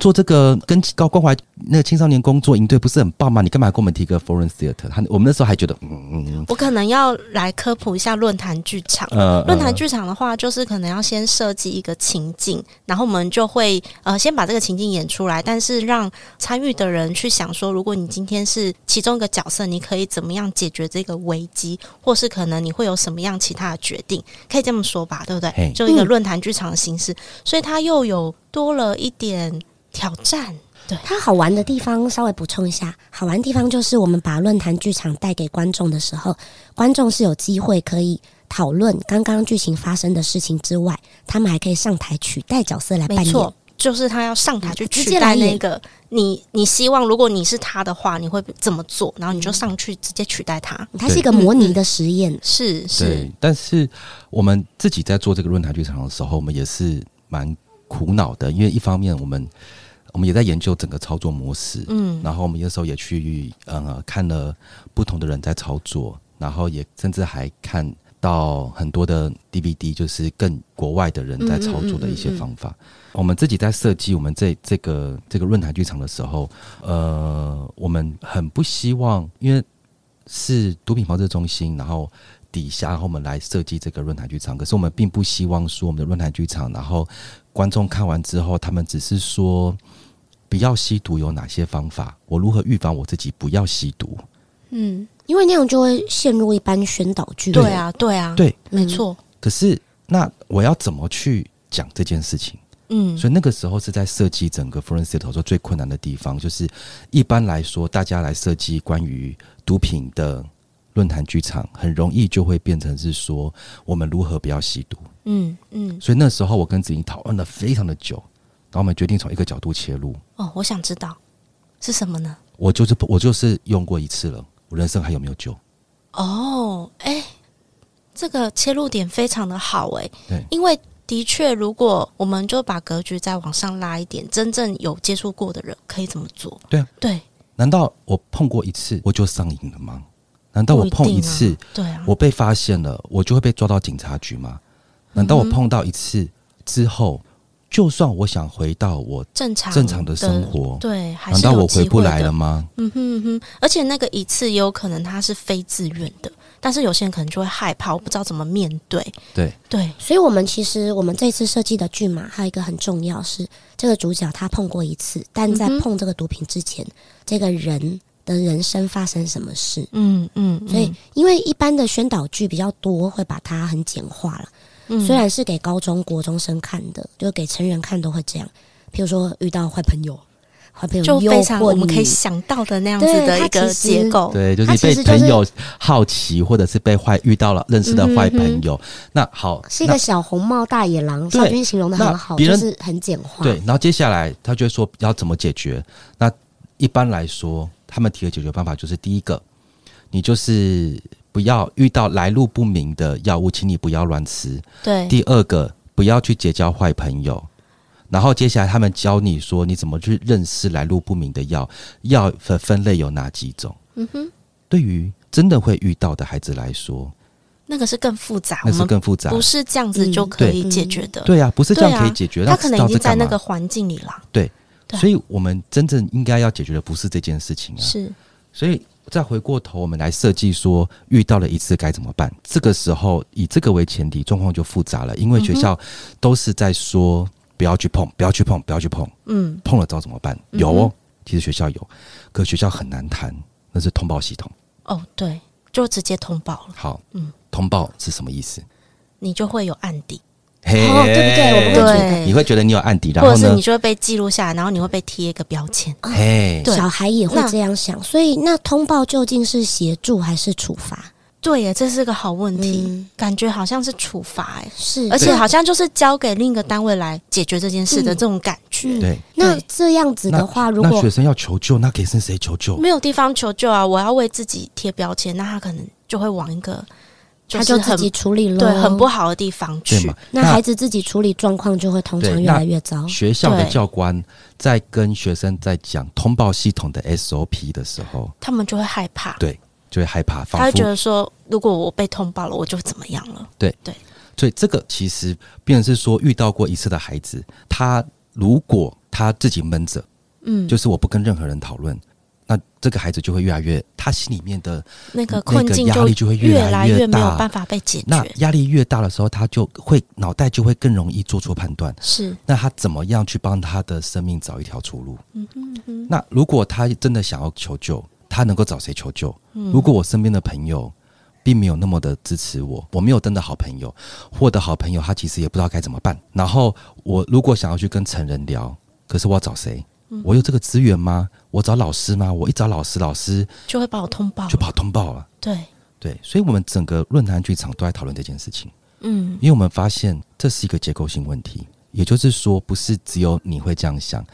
Speaker 2: 做這個跟高關懷那個青少年工作應對不是很棒嗎？你幹嘛給我們提個 forum theater？我們那時候還覺得，嗯嗯嗯。我
Speaker 1: 可能要來科普一下論壇劇場。論壇劇場的話，就是可能要先設計一個情境，然後我們就會呃先把這個情境演出來，但是讓參與的人去想說，如果你今天是其中一個角色，你可以怎麼樣解決這個危機，或是可能你會有什麼樣其他的決定？可以這麼說吧，對不對？就一個論壇劇場的形式，嗯、所以它又有多了一點。挑戰，對它好玩的地方稍微補充一下，
Speaker 3: 好玩的地方就是我們把論壇劇場帶給觀眾的時候，觀眾是有機會可以討論剛剛劇情發生的事情之外，他們還可以上台取代角色
Speaker 1: 來扮演，沒錯，就是他要上台去取代那個、嗯、你，你希望如果你是他的話，你會怎麼做？然後你就上去直接取代他，他是一個模
Speaker 3: 擬的實驗，是、嗯、是、嗯。
Speaker 2: 但是我們自己在做這個論壇劇場的時候，我們也是蠻苦惱的，因為一方面我們。我們也在研究整個操作模式，嗯，然後我們有時候也去，呃，看了不同的人在操作，然後也甚至還看到很多的 DVD，就是更國外的人在操作的一些方法。嗯嗯嗯嗯，我們自己在設計我們這這個這個論壇劇場的時候，呃，我們很不希望，因為是毒品防治中心，然後。底下，然後我們來設計這個論壇劇場。可是我們並不希望說，我們的論壇劇場，然後觀眾看完之後，他們只是說“不要吸毒”有哪些方法？我如何預防我自己不要吸毒？
Speaker 3: 嗯，因為那樣就會陷入一般宣導劇。對啊，
Speaker 1: 對啊，對，沒、嗯、錯。
Speaker 2: 可是，那我要怎麼去講這件事情？嗯，所以那個時候是在設計整個 forensic 的時最困難的地方，就是一般來說，大家來設計關於毒品的。論壇劇場很容易就會變成是說我們如何不要吸毒。嗯嗯，所以那時候我跟子玲討論了非常的久，然後我們決定從一個角度切入。
Speaker 1: 哦，我想知道是什麼呢？
Speaker 2: 我就是，我就是用過一次了，我人生還有沒有救？
Speaker 1: 哦，哎、欸，這個切入點非常的好哎、欸，對，因為的確如果我們就把格局再往上拉一點，真正有接觸過的人可以怎麼做？對、啊、對，
Speaker 2: 難道我碰過一次我就上癮了嗎？難道我碰一次一、啊，對啊，我被發現了，我就會被抓到警察局嗎？難道我碰到一次之後，嗯、就算我想回到我正常正常的生活，對，
Speaker 1: 難道我回不來了嗎？嗯哼嗯哼。而且那個一次也有可能他是非自願的，但是有些人可能就會害怕，我不知道怎麼面對。對對，所以我們其實我們這次設計的劇碼，還有一個很
Speaker 3: 重要是，這個主角他碰過一次，但在碰這個毒品之前，嗯、這個人。的人生發生什麼事？嗯嗯，
Speaker 4: 所以
Speaker 3: 因為一般的宣導劇比較多，會把它很簡化了。嗯，雖然是給高中、國中生看的，就給成人看都會這樣。譬如說遇到壞朋友，壞朋友誘惑，就非常我們可以想
Speaker 1: 到的那樣子的一個結構。對，
Speaker 2: 對就是你被朋友好奇，或者是被壞遇到了認識的壞朋友。嗯嗯那好，是一個
Speaker 3: 小紅帽、大野狼，少君形容得很好，別人、就是、很簡化。對，
Speaker 2: 然後接下來他就會說要怎麼解決那。一般來說，他們提的解決辦法就是：第一個，你就是不要遇到來路不明的藥物，請你不要亂吃；對，第二個，不要去結交壞朋友。然後接下來，他們教你說你怎麼去認識來路不明的藥，藥分分類有哪幾種？嗯
Speaker 1: 哼。
Speaker 2: 對於真的會遇到的孩子來說，
Speaker 1: 那個是更複雜，那是更複雜，不是這樣子就可以解決的。嗯、對呀、嗯啊，不是這樣可以解決，啊、他可能已經在那個環境裡了。
Speaker 2: 對。所以我們真正應該要解決的不是這件事情啊。是，所以再回過頭，我們來設計說，遇到了一次該怎麼辦？這個時候以這個為前提，狀況就複雜了，因為學校都是在說、嗯、不要去碰，不要去碰，不要去碰。嗯，碰了之後怎麼辦、嗯？有，其實學校有，可學校很難談，那是通報系統。
Speaker 1: 哦，對，就直接通報了。好，嗯，通報是什麼意思？你就會有案底。哦、hey, oh,，對不對？我不會覺得你會覺得你有案底了，或者是你就會被記錄下來，然後你會被貼一個標籤。Oh, hey, 對，小孩也會這樣
Speaker 3: 想，所以那通報究竟是協助還是處罰？
Speaker 1: 對耶，這是個好問題、嗯，感覺好像是處罰。是，而且好像就是交給另一個單位來解決這件事的這種感覺。嗯、對，對，那這樣子的話，那如果那學
Speaker 2: 生要求救，那可以向誰求救？
Speaker 1: 沒有地方求救啊！我要為自己貼標籤，那他可能就會往一個。就是、他就自己處理了，對，很不好的地方去。那，那孩
Speaker 3: 子自己處理狀況，就會通常越來越糟。
Speaker 1: 學校的教
Speaker 2: 官在跟學生在講通報系統的 SOP 的時候，
Speaker 1: 他們就會害怕，對，
Speaker 2: 就會害怕。他會覺得說，
Speaker 1: 如果我被通報了，我就怎麼樣了？
Speaker 2: 對對，所以這個其實，變成是說，遇到過一次的孩子，他如果他自己悶着，嗯，就是我不跟任何人討論。那這個孩子就會越來越，他心裡面的
Speaker 1: 那個困境壓力就會越來越大，沒有辦法被解決。那
Speaker 2: 壓力越大的時候，他就會腦袋就會更容易做出判斷。是，那他怎麼樣去幫他的生命找一條出路？嗯
Speaker 4: 哼嗯哼，那
Speaker 2: 如果他真的想要求救，他能夠找誰求救？嗯。如果我身邊的朋友並沒有那麼的支持我，我沒有真的好朋友，或者好朋友，他其實也不知道該怎麼辦。然後我如果想要去跟成人聊，可是我要找誰？我有這個資源嗎？我找老師嗎？我一找老師，老師
Speaker 1: 就會把我通報，就把我通報了。對
Speaker 2: 對，所以我們整個論壇劇場都在討論這件事情。嗯，因為我們發現這是一個結構性問題，也就是說，不是只有你會這樣想。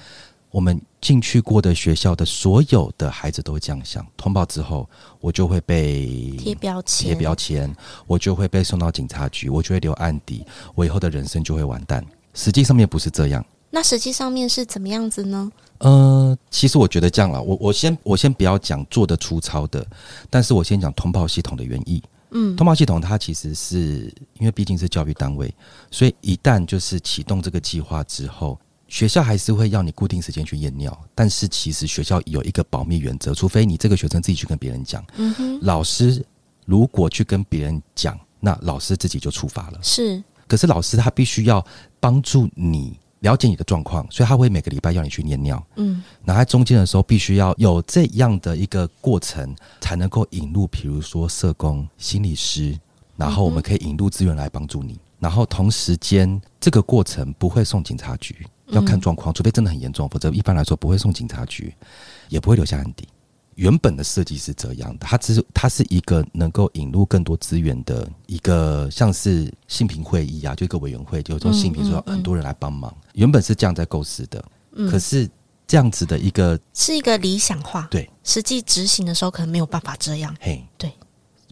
Speaker 2: 我們進去過的學校的所有的孩子都會這樣想：通報之後，我就會被貼標籤，貼標籤，我就會被送到警察局，我就會留案底，我以後的人生就會完蛋。實際上面不是這樣。
Speaker 1: 那實際上面是怎麼樣子呢？嗯、
Speaker 2: 呃，其實我覺得這樣了，我我先我先不要講做得粗糙的，但是我先講通報系統的原因。嗯，通報系統它其實是因為畢竟是教育單位，所以一旦就是啟動這個計劃之後，學校還是會要你固定時間去驗尿。但是其實學校有一個保密原則，除非你這個學生自己去跟別人講。嗯哼，老師如果去跟別人講，那老師自己就觸發了。是，可是老師他必須要幫助你，了解你的狀況，所以他會每個禮拜要你去驗尿。嗯，然後在中間的時候必須要有這樣的一個過程，才能夠引入，比如說社工、心理師，然後我們可以引入資源來幫助你。嗯。然後同時間，這個過程不會送警察局，要看狀況，除非真的很嚴重，否則一般來說不會送警察局，也不會留下案底。原本的設計是這樣的，它只是它是一個能夠引入更多資源的一個，像是性平會議啊，就一個委員會，就這種性平說，性平說很多人來幫忙，嗯嗯嗯。原本是這樣在構思的，嗯，可是這樣子的一個
Speaker 1: 是一個理想化，對，實際執行的時候可能沒有辦法這樣。嘿，對。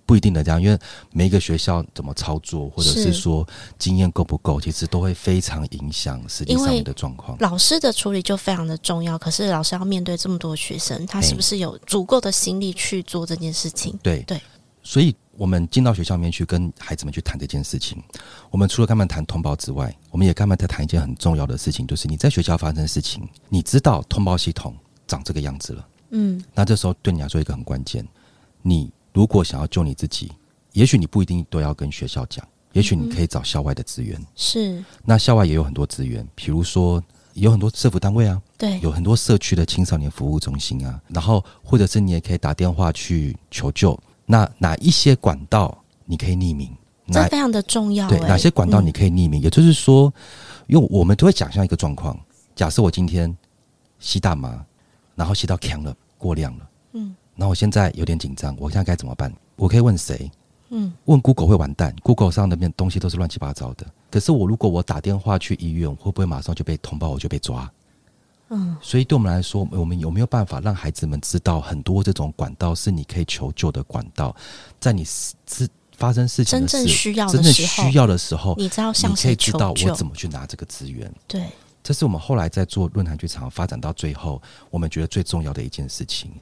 Speaker 2: 不一定的這樣，因為每一個學校怎麼操作，或者是說經驗夠不夠，其實都會非常影響實際上面的狀況。老
Speaker 1: 師的處理就非常的重要，可是老師要面對這麼多學生，他是不是有足夠的心力去做這件事情？欸、對
Speaker 2: 對，所以我們進到學校裡面去跟孩子們去談這件事情，我們除了跟他談通報之外，我們也跟他在談一件很重要的事情，就是你在學校發生的事情，你知道通報系統長這個樣子了，嗯，那這時候對你來說一個很關鍵，你，如果想要救你自己，也許你不一定都要跟學校講，嗯，也許你可以找校外的資源。
Speaker 4: 是，
Speaker 2: 那校外也有很多資源，比如說有很多社福單位啊，對，有很多社區的青少年服務中心啊，然後或者是你也可以打電話去求救。那哪一些管道你可以匿名？這非常
Speaker 1: 的重要，欸。對，哪些管道你
Speaker 2: 可以匿名？嗯，也就是說，因為我們都會想象一個狀況：假設我今天吸大麻，然後吸到鏘了，過量了。那我現在有點緊張，我現在該怎麼辦？我可以問誰？嗯，問 Google 會完蛋？Google 上那邊東西都是亂七八糟的。可是我如果我打電話去醫院，會不會馬上就被通報，我就被抓？嗯。所以對我們來說，我們有沒有辦法讓孩子們知道很多這種管道是你可以求救的管道？在你發生事情的時候，真正需要，真正需要的時候，你知道你可以知道我怎麼去拿這個資源？對，這是我們後來在做論壇劇場發展到最後，我們覺得最重要的一件事情。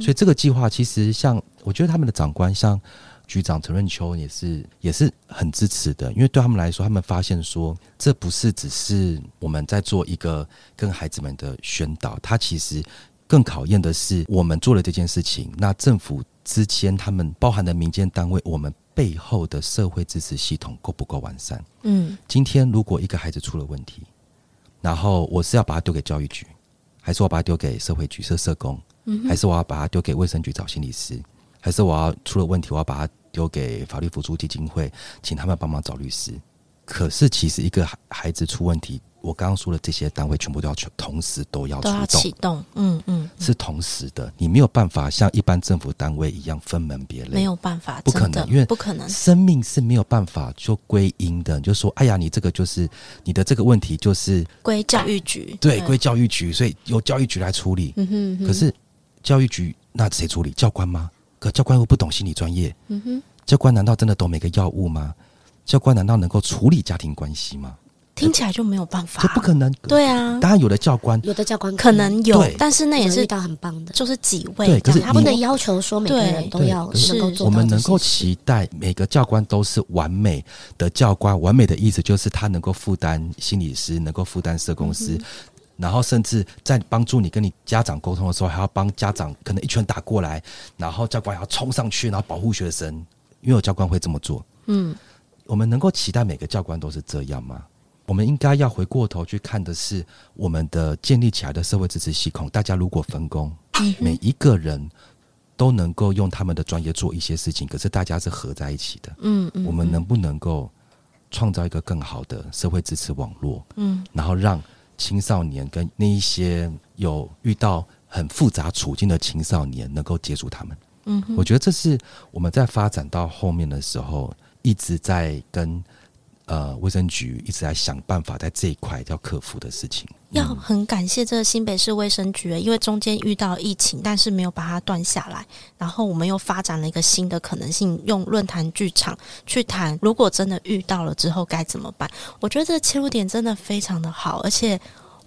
Speaker 1: 所
Speaker 4: 以這個
Speaker 2: 計劃其實，像我覺得他們的長官，像局長陳潤秋，也是也是很支持的。因為對他們來說，他們發現說，這不是只是我們在做一個跟孩子們的宣導，他其實更考驗的是我們做了這件事情，那政府之間他們包含的民間單位，我們背後的社會支持系統夠不夠完善？嗯，今天如果一個孩子出了問題，然後我是要把它丟給教育局，還是我把他丟給社會局，社社工？還是我要把它丟給衛生局找心理師，還是我要出了問題，我要把它丟給法律扶助基金會，請他們幫忙找律師。可是其實一個孩子出問題，我剛剛說的這些單位全部都要去，同時都要出動，都要啟
Speaker 1: 動。嗯
Speaker 2: 嗯，是同時的，你沒有辦法像一般政府單位一樣分門別類，沒有
Speaker 1: 辦法，不可能，因為不可能，
Speaker 2: 生命是沒有辦法做歸因的。你就說，哎呀，你這個就是你的這個問題就是
Speaker 1: 歸教育局，啊、對，歸
Speaker 2: 教育局，所以由教育局來處理。嗯
Speaker 1: 哼，嗯哼，可是。
Speaker 2: 教育局，那誰處理？教官嗎？可教官又不懂心理專業。嗯哼，教官難道真的懂每個藥物嗎？教官難道能夠處理家庭關係嗎？
Speaker 1: 聽起來就沒有辦法、啊。就不可能。對啊，當
Speaker 2: 然有的教官，有
Speaker 1: 的教官可能,可能有，但是那也是遇到很棒的，就是幾位。對，可是他不能要求說每個人都要是。是我們
Speaker 2: 能夠期待每個教官都是完美的教官，完美的意思就是他能夠負擔心理師，能夠負擔社工師。嗯然後甚至在幫助你跟你家長溝通的時候，還要幫家長可能一拳打過來，然後教官要衝上去，然後保護學生，因為有教官會這麼做。嗯，我們能夠期待每個教官都是這樣嗎？我們應該要回過頭去看的是，我們的建立起來的社會支持系統，大家如果分工，每一個人都能夠用他們的專業做一些事情，可是大家是合在一起的。嗯嗯，我們能不能夠創造一個更好的社會支持網絡？嗯，然後讓。青少年跟那一些有遇到很複雜處境的青少年，能夠接觸他們。嗯，我覺得這是我們在發展到後面的時候一直在跟。呃，衛生局一直在想辦法，在這一塊要克服的事情，
Speaker 1: 嗯，要很感謝這個新北市衛生局，欸，因為中間遇到疫情，但是沒有把它斷下來，然後我們又發展了一個新的可能性，用論壇劇場去談，如果真的遇到了之後該怎麼辦？我覺得這個切入點真的非常的好，而且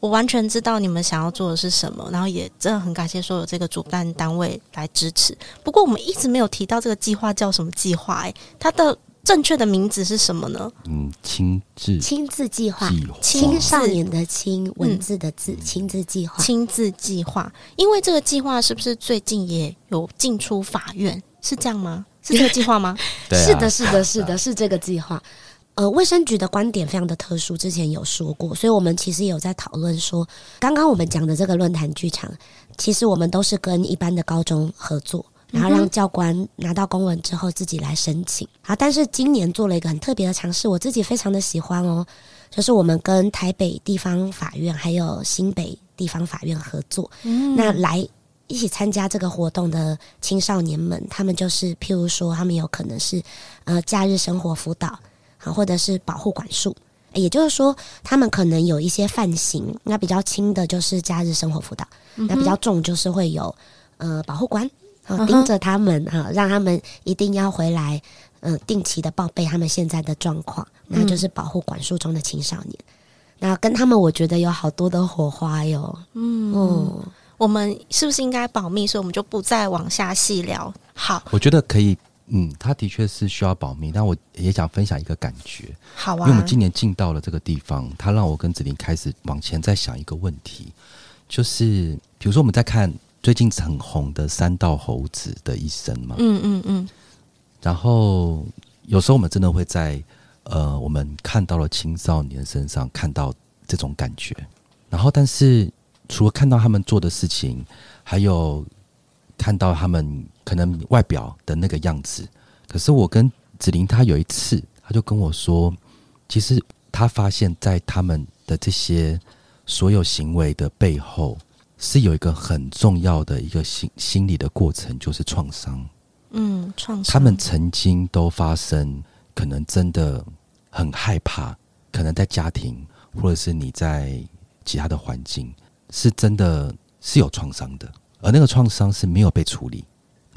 Speaker 1: 我完全知道你們想要做的是什麼，然後也真的很感謝所有這個主辦單位來支持。不過我們一直沒有提到這個計劃叫什麼計劃，欸，它的，正確的名字是什麼呢？嗯，青
Speaker 2: 字青字，計劃，
Speaker 1: 青字計畫，青少年的青文字的字，嗯，青字計畫，青字計畫。因為這個計劃是不是最近也有進出法院？是這樣嗎？是這個計劃嗎？ 對、啊，是的，是的，是的，是這個
Speaker 3: 計劃。呃，衛生局的觀點非常的特殊，之前有說過，所以我們其實有在討論說，剛剛我們講的這個論壇劇場，其實我們都是跟一般的高中合作。然後讓教官拿到公文之後自己來申請。好，但是今年做了一個很特別的嘗試，我自己非常的喜歡哦，就是我們跟台北地方法院還有新北地方法院合作。嗯，那來一起參加這個活動的青少年們，他們就是譬如說他們有可能是呃，假日生活輔導，好，或者是保護管束，也就是說他們可能有一些犯行，那比較輕的就是假日生活輔導，那比較重就是會有呃，保護官，盯着他們哈，uh -huh. 讓他們一定要回來，嗯、呃，定期的報備他們現在的狀況。那就是保護管束中的青少年。嗯、那跟他們，我覺得有好多的火花喲、嗯。
Speaker 1: 嗯，我們是不是應該保密？所以我們就不再往下細聊。好，
Speaker 2: 我覺得可以。嗯，他的確是需要保密，但我也想分享一個感覺。
Speaker 1: 好啊，因為我們今年
Speaker 2: 進到了這個地方，他讓我跟子玲開始往前再想一個問題，就是比如說我們在看。最近很紅的《三道猴子的一生》嘛，嗯嗯嗯，然後有時候我們真的會在呃，我們看到了青少年身上看到這種感覺，然後但是除了看到他們做的事情，還有看到他們可能外表的那個樣子，可是我跟子玲他有一次，他就跟我說，其實他發現在他們的這些所有行為的背後。是有一個很重要的一個心心理的過程，就是創傷。嗯，
Speaker 1: 創傷，他
Speaker 2: 們曾經都發生，可能真的很害怕，可能在家庭，或者是你在其他的環境，是真的是有創傷的，而那個創傷是沒有被處理。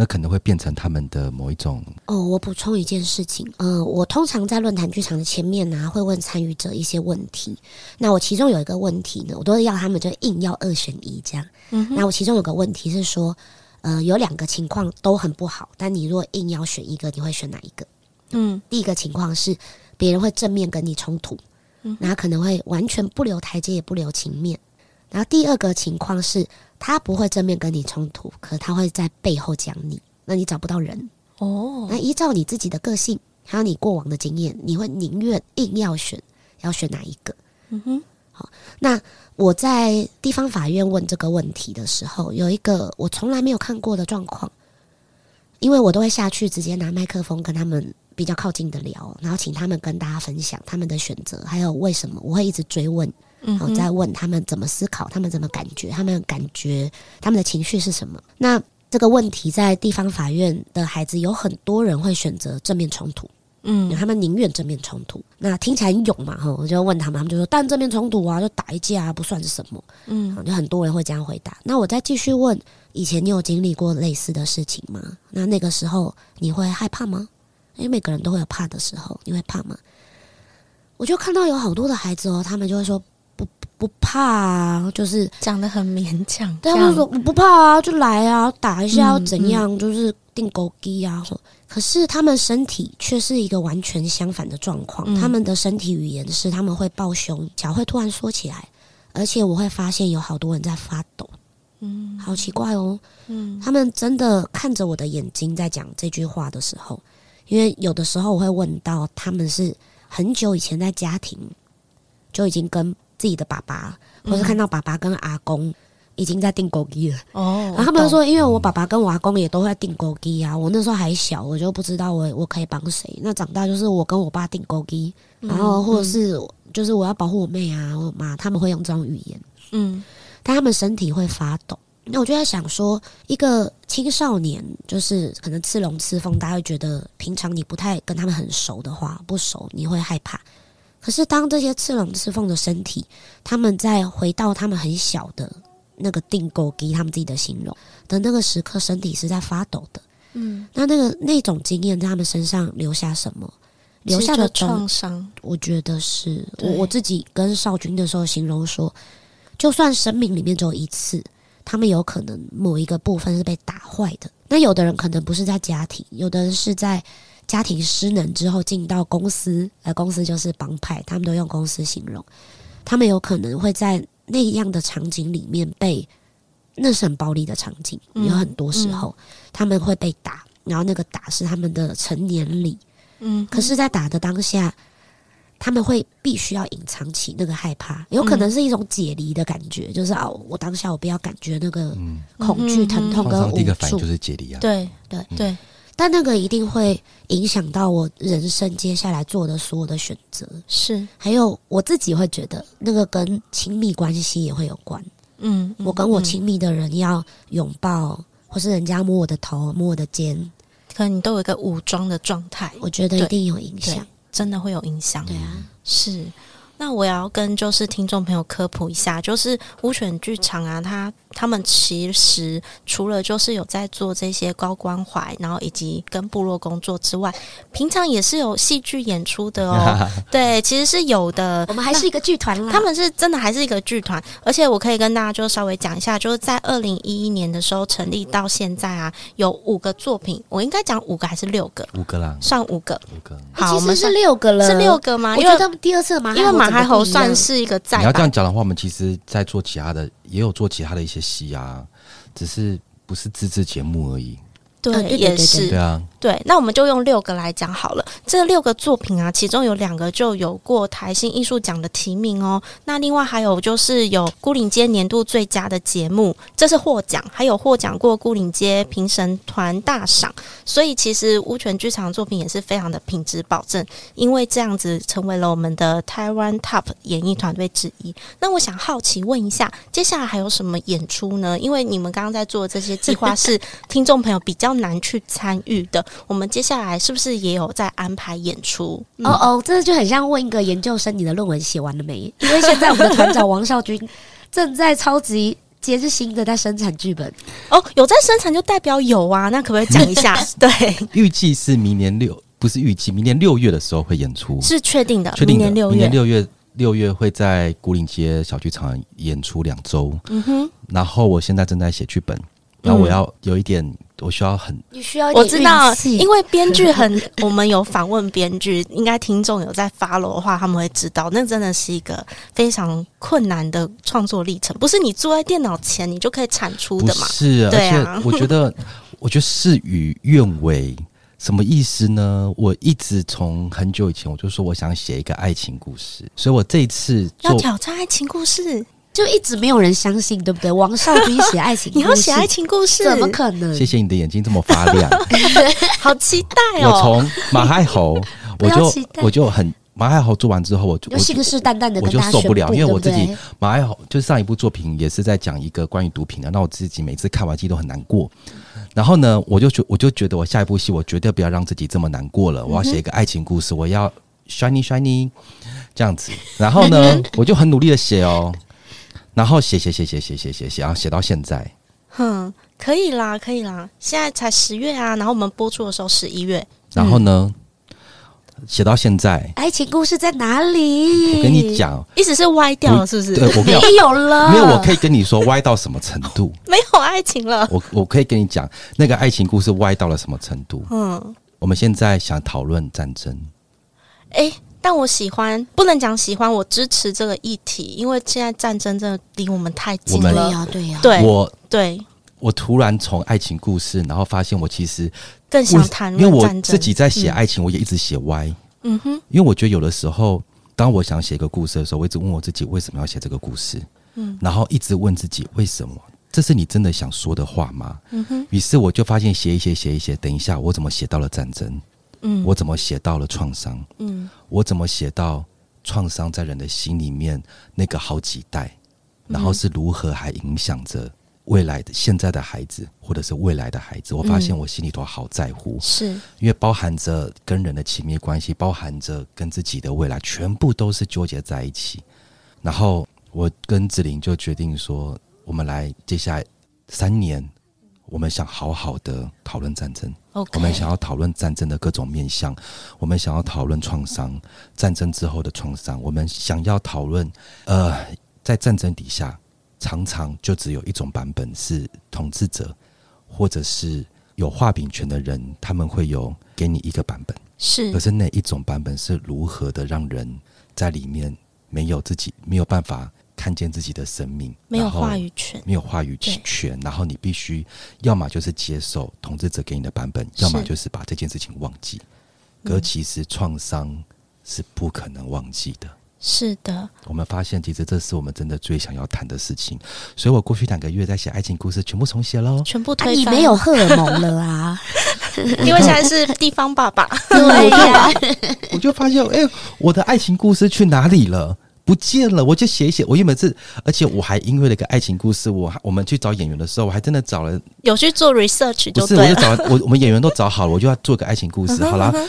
Speaker 2: 那可能會變成他們的某一種
Speaker 3: 哦、oh,。我補充一件事情，呃，我通常在論壇劇場的前面呢、啊，會問參與者一些問題。那我其中有一個問題呢，我都是要他們就硬要二選一這樣。嗯、mm -hmm.。那我其中有個問題是說，呃，有兩個情況都很不好，但你如果硬要選一個，你會選哪一個？嗯、mm -hmm.。第一個情況是別人會正面跟你衝突，嗯、mm -hmm.，然後可能會完全不留台階，也不留情面。然後第二個情況是，他不會正面跟你衝突，可他會在背後講你，那你找不到人哦。那依照你自己的個性，還有你過往的經驗，你會寧願硬要選，要選哪一個？嗯哼。好，那我在地方法院問這個問題的時候，有一個我從來沒有看過的狀況，因為我都會下去直接拿麥克風跟他們比較靠近的聊，然後請他們跟大家分享他們的選擇，還有為什麼我會一直追問。我在問他們怎麼思考，他們怎麼感覺，他們感覺他們的情緒是什麼？那這個問題在地方法院的孩子有很多人會選擇正面衝突，嗯，他們寧願正面衝突。那聽起來很勇嘛，哈，我就問他們，他們就說：“但正面衝突啊，就打一架啊，不算是什麼。”嗯，就很多人會這樣回答。那我再繼續問：以前你有經歷過類似的事情嗎？那那個時候你會害怕嗎？因為每個人都會有怕的時候，你會怕嗎？我就看到有好多的孩子哦，他們就會說。不怕啊，
Speaker 1: 就是講得很勉強。但他們說
Speaker 3: 我不怕啊，就來啊，打一下，嗯、要怎樣？嗯、就是釘孤枝啊。可是他們身體卻是一個完全相反的狀況、嗯。他們的身體語言是他們會抱胸，腳會突然縮起來，而且我會發現有好多人在發抖。嗯，好奇怪哦。嗯，他們真的看着我的眼睛在講這句話的時候，因為有的時候我會問到他們是很久以前在家庭就已經跟自己的爸爸，或是看到爸爸跟阿公、嗯、已經在釘孤枝了哦。
Speaker 4: 然後他們說、
Speaker 3: 嗯，因為我爸爸跟我阿公也都會釘孤枝啊。我那時候還小，我就不知道我我可以幫誰。那長大就是我跟我爸釘孤枝，然後或者是、嗯、就是我要保護我妹啊，我媽他們會用這種語言。嗯，但他們身體會發抖。那我就在想說，一個青少年就是可能刺龍刺鳳，大家會覺得平常你不太跟他們很熟的話，不熟你會害怕。可是，當這些刺龍刺鳳的身體，他們在回到他們很小的那個訂購給他們自己的形容的那個時刻，身體是在發抖的。嗯，那那個那種經驗在他們身上留下什麼？留下的創傷，我覺得是。我我自己跟少君的時候形容說，就算生命裡面只有一次，他們有可能某一個部分是被打壞的。那有的人可能不是在家庭，有的人是在。家庭失能之後進到公司，而公司就是幫派，他們都用公司形容。他們有可能會在那樣的場景裡面被，那是很暴力的場景。嗯、有很多時候、嗯、他們會被打，然後那個打是他們的成年禮。嗯，可是，在打的當下，他們會必須要隱藏起那個害怕，有可能是一種解離的感覺，嗯、就是哦，我當下我不要感覺那個恐懼、嗯、疼痛跟無助。第一個反應就
Speaker 2: 是解離啊，對
Speaker 3: 對對。嗯對。但那個一定會影響到我人生接下來做的所有的選擇，是。還有我自己會覺得，那個跟親密關係也會有關。嗯，嗯，我跟我親密的人要擁抱、嗯，或是人家摸我的頭、摸我的肩，
Speaker 1: 可能你都有一個武裝的狀態。我覺得一定有影響，真的會有影響。對啊，是。那我要跟就是聽眾朋友科普一下，就是烏犬劇場啊，它他們其實除了就是有在做這些高關懷，然後以及跟部落工作之外，平常也是有戲劇演出的哦。 對，其實是有的。 我們還是一個劇團嘛，他們是真的還是一個劇團。 而且我可以跟大家就稍微講一下，就是在二零一一年的時候成立到現在啊，有五個作品，我應該講五個還是六個？
Speaker 2: 五個啦，
Speaker 1: 算五個。五個。好，我們、欸、其實是六個了，是六個嗎？因為我覺得第二次嘛，因為馬海猴算是一個在。你要這樣
Speaker 2: 講的話，我們其實，在做其他的。也有做其他的一些戲啊，只是不是自制節目而已。對，也是。對啊。
Speaker 1: 對，那我們就用六個來講好了。這六個作品啊，其中有兩個就有過台新藝術獎的提名哦。那另外還有就是有牯嶺街年度最佳的節目，這是獲獎，還有獲獎過牯嶺街評審團大賞。所以其實烏犬劇場作品也是非常的品質保證，因為這樣子成為了我們的台灣 Top 演藝團隊之一。那我想好奇問一下，接下來還有什麼演出呢？因為你們剛剛在做的這些計劃，是聽眾朋友比較難去參與的。 我們接下來是不是也有在安排演出？嗯、哦哦，
Speaker 3: 真的就很像問一個研究生，你的論文寫完了沒？因為現在我們的團長王少君
Speaker 1: 正在超級接着新的在生產劇本。哦，有在生產就代表有啊，那可不可以講一下？ 對，
Speaker 2: 預計是明年六，不是預計，明年六月的時候會演出，是確定的，確定的，明年六月，明年六月六月會在牯嶺街小劇場演出兩週。嗯哼，然後我現在正在寫劇本。那我要有一點，嗯、我需要很，
Speaker 1: 你需要，我知道，因為編劇很， 我們有訪問編劇，應該聽眾有在 follow 的話， 他們會知道，那真的是一個非常困難的創作歷程，不是你坐在電腦前你就可以產出的嘛？是啊，對啊。我覺得，
Speaker 2: 我覺得事與願違，什麼意思呢？我一直從很久以前我就說我想寫一個愛情故事，所以我這一次要
Speaker 1: 挑戰愛情故事。就一
Speaker 3: 直沒有人相信，對不對？王少君寫愛情， 你要寫愛情故事，怎麼可能？
Speaker 2: 謝謝你的眼睛這麼發亮，
Speaker 3: 好期待哦！我從
Speaker 2: 馬海侯，我就 我就很馬海侯做完之後，我就，就信誓
Speaker 3: 旦旦的，我就受不了，因為我自己
Speaker 2: 馬海侯就上一部作品也是在講一個關於毒品的，那 我自己每次看完戲都很難過。然後呢，我就覺我就覺得我下一部戲我絕對不要讓自己這麼難過了，嗯、我要寫一個愛情故事，我要 shiny shiny 這樣子。然後呢， 我就很努力的寫哦。然後寫寫，寫寫寫寫寫寫寫，然後寫到現在。
Speaker 1: 哼、嗯，可以啦，可以啦。現在才十月啊，然後我們播出的時候十一月。
Speaker 2: 然後呢，寫到現在，
Speaker 1: 愛情故事在哪裡？我跟你講，意思是歪掉了，是不是？我，對，我跟你講，沒有了。沒有，我可以
Speaker 2: 跟你說歪到什麼程度？
Speaker 1: 沒有愛情了。
Speaker 2: 我我可以跟你講，那個愛情故事歪到了什麼程度？嗯，我們現在想討論戰爭。
Speaker 1: 哎。但我喜歡，不能講喜歡，我支持這個議題，因為現在戰爭真的離我們太近了，對呀，對呀、啊啊。我，對，
Speaker 2: 我突然從愛情故事，然後發現我其實更想談論戰爭，我，因為我自己在寫愛情、嗯，我也一直寫歪，嗯哼。因為我覺得有的時候，當我想寫一個故事的時候，我一直問我自己為什麼要寫這個故事，嗯，然後一直問自己為什麼，這是你真的想說的話嗎？嗯哼。於是我就發現寫一寫，寫一寫，等一下，我怎麼寫到了戰爭？嗯，我怎麼寫到了創傷？嗯，我怎麼寫到創傷在人的心裡面那個好幾代，然後是如何還影響着未來的現在的孩子，或者是未來的孩子？我發現我心裡頭好在乎，嗯，是。因為包含着跟人的親密關係，包含着跟自己的未來，全部都是糾結在一起。然後我跟子玲就決定說，我們來接下來三年。我們想好好的討論戰爭，okay，我們想要討論戰爭的各種面向，我們想要討論創傷，戰爭之後的創傷，我們想要討論，呃，在戰爭底下，常常就只有一種版本是統治者或者是有話柄權的人，他們會有給你一個版本，是，可是那一種版本是如何的讓人在裡面沒有自己沒有辦法。看見自己的生命沒有話語權，沒有話語權。然後，然後你必須要麼就是接受統治者給你的版本，要麼就是把這件事情忘記。可、嗯、其實創傷是不可能忘記的。
Speaker 1: 是的。
Speaker 2: 我們發現，其實這是我們真的最想要談的事情。所以我過去兩個月在寫愛情故事，全部重寫嘍，全部推翻。沒有荷爾蒙
Speaker 1: 了啊！ 因為現在是地方爸爸，
Speaker 2: 對、啊， 我就發現，哎，我的愛情故事去哪裡了？不見了，我就寫一寫。我因為是，而且我還因為那個愛情故事，我我們去找演員的時候，我還真的找了
Speaker 1: 有去做 research。不是，我就找了，我
Speaker 2: 我們演員都找好了，我就要做個愛情故事。嗯、好啦、嗯，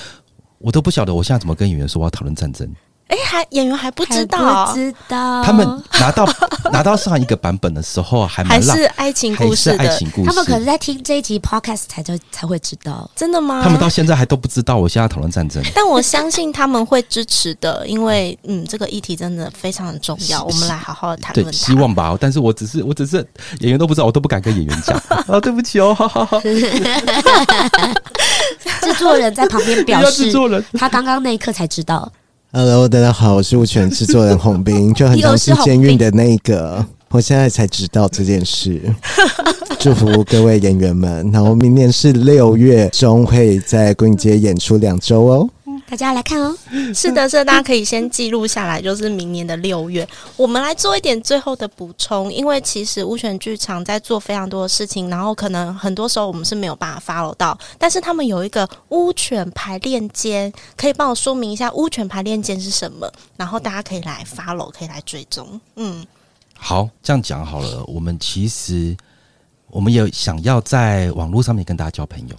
Speaker 2: 我都不曉得我現在怎麼跟演員說我要討論戰爭。
Speaker 1: 哎、欸，還演員還不知道，還不知道他們
Speaker 2: 拿到拿到上一個版本的時候還， 還是愛情故事的，還是愛情故事他們可能
Speaker 1: 在聽這一集 Podcast 才才才會知道，真的嗎？他們到現
Speaker 2: 在還都不知道，我現在要討論戰爭，
Speaker 1: 但我相信他們會支持的，因為 嗯，這個議題真的非常的重要。 我們來好好談論。
Speaker 2: 希望吧，但是我只是我只是演員都不知道，我都不敢跟演員講啊、 哦，對不起哦，哈哈
Speaker 3: 哈製作人在旁邊表示，製 作人他剛剛那一刻才知道。
Speaker 2: Hello，大家好，我是烏犬製作人泓賓，就很像是監獄的那一個，我現在才知道這件事。祝福各位演員們，然後明年是六月中會在牯嶺街演出兩周哦。
Speaker 1: 大家來看哦， 是的是，是大家可以先記錄下來，就是明年的六月，我們來做一點最後的補充，因為其實烏犬劇場在做非常多的事情，然後可能很多時候我們是沒有辦法 follow 到，但是他們有一個烏犬排練間，可以幫我說明一下烏犬排練間是什麼？然後大家可以來 follow，可以來追蹤。嗯，
Speaker 2: 好，這樣講好了，我們其實我們也想要在網絡上面跟大家交朋友。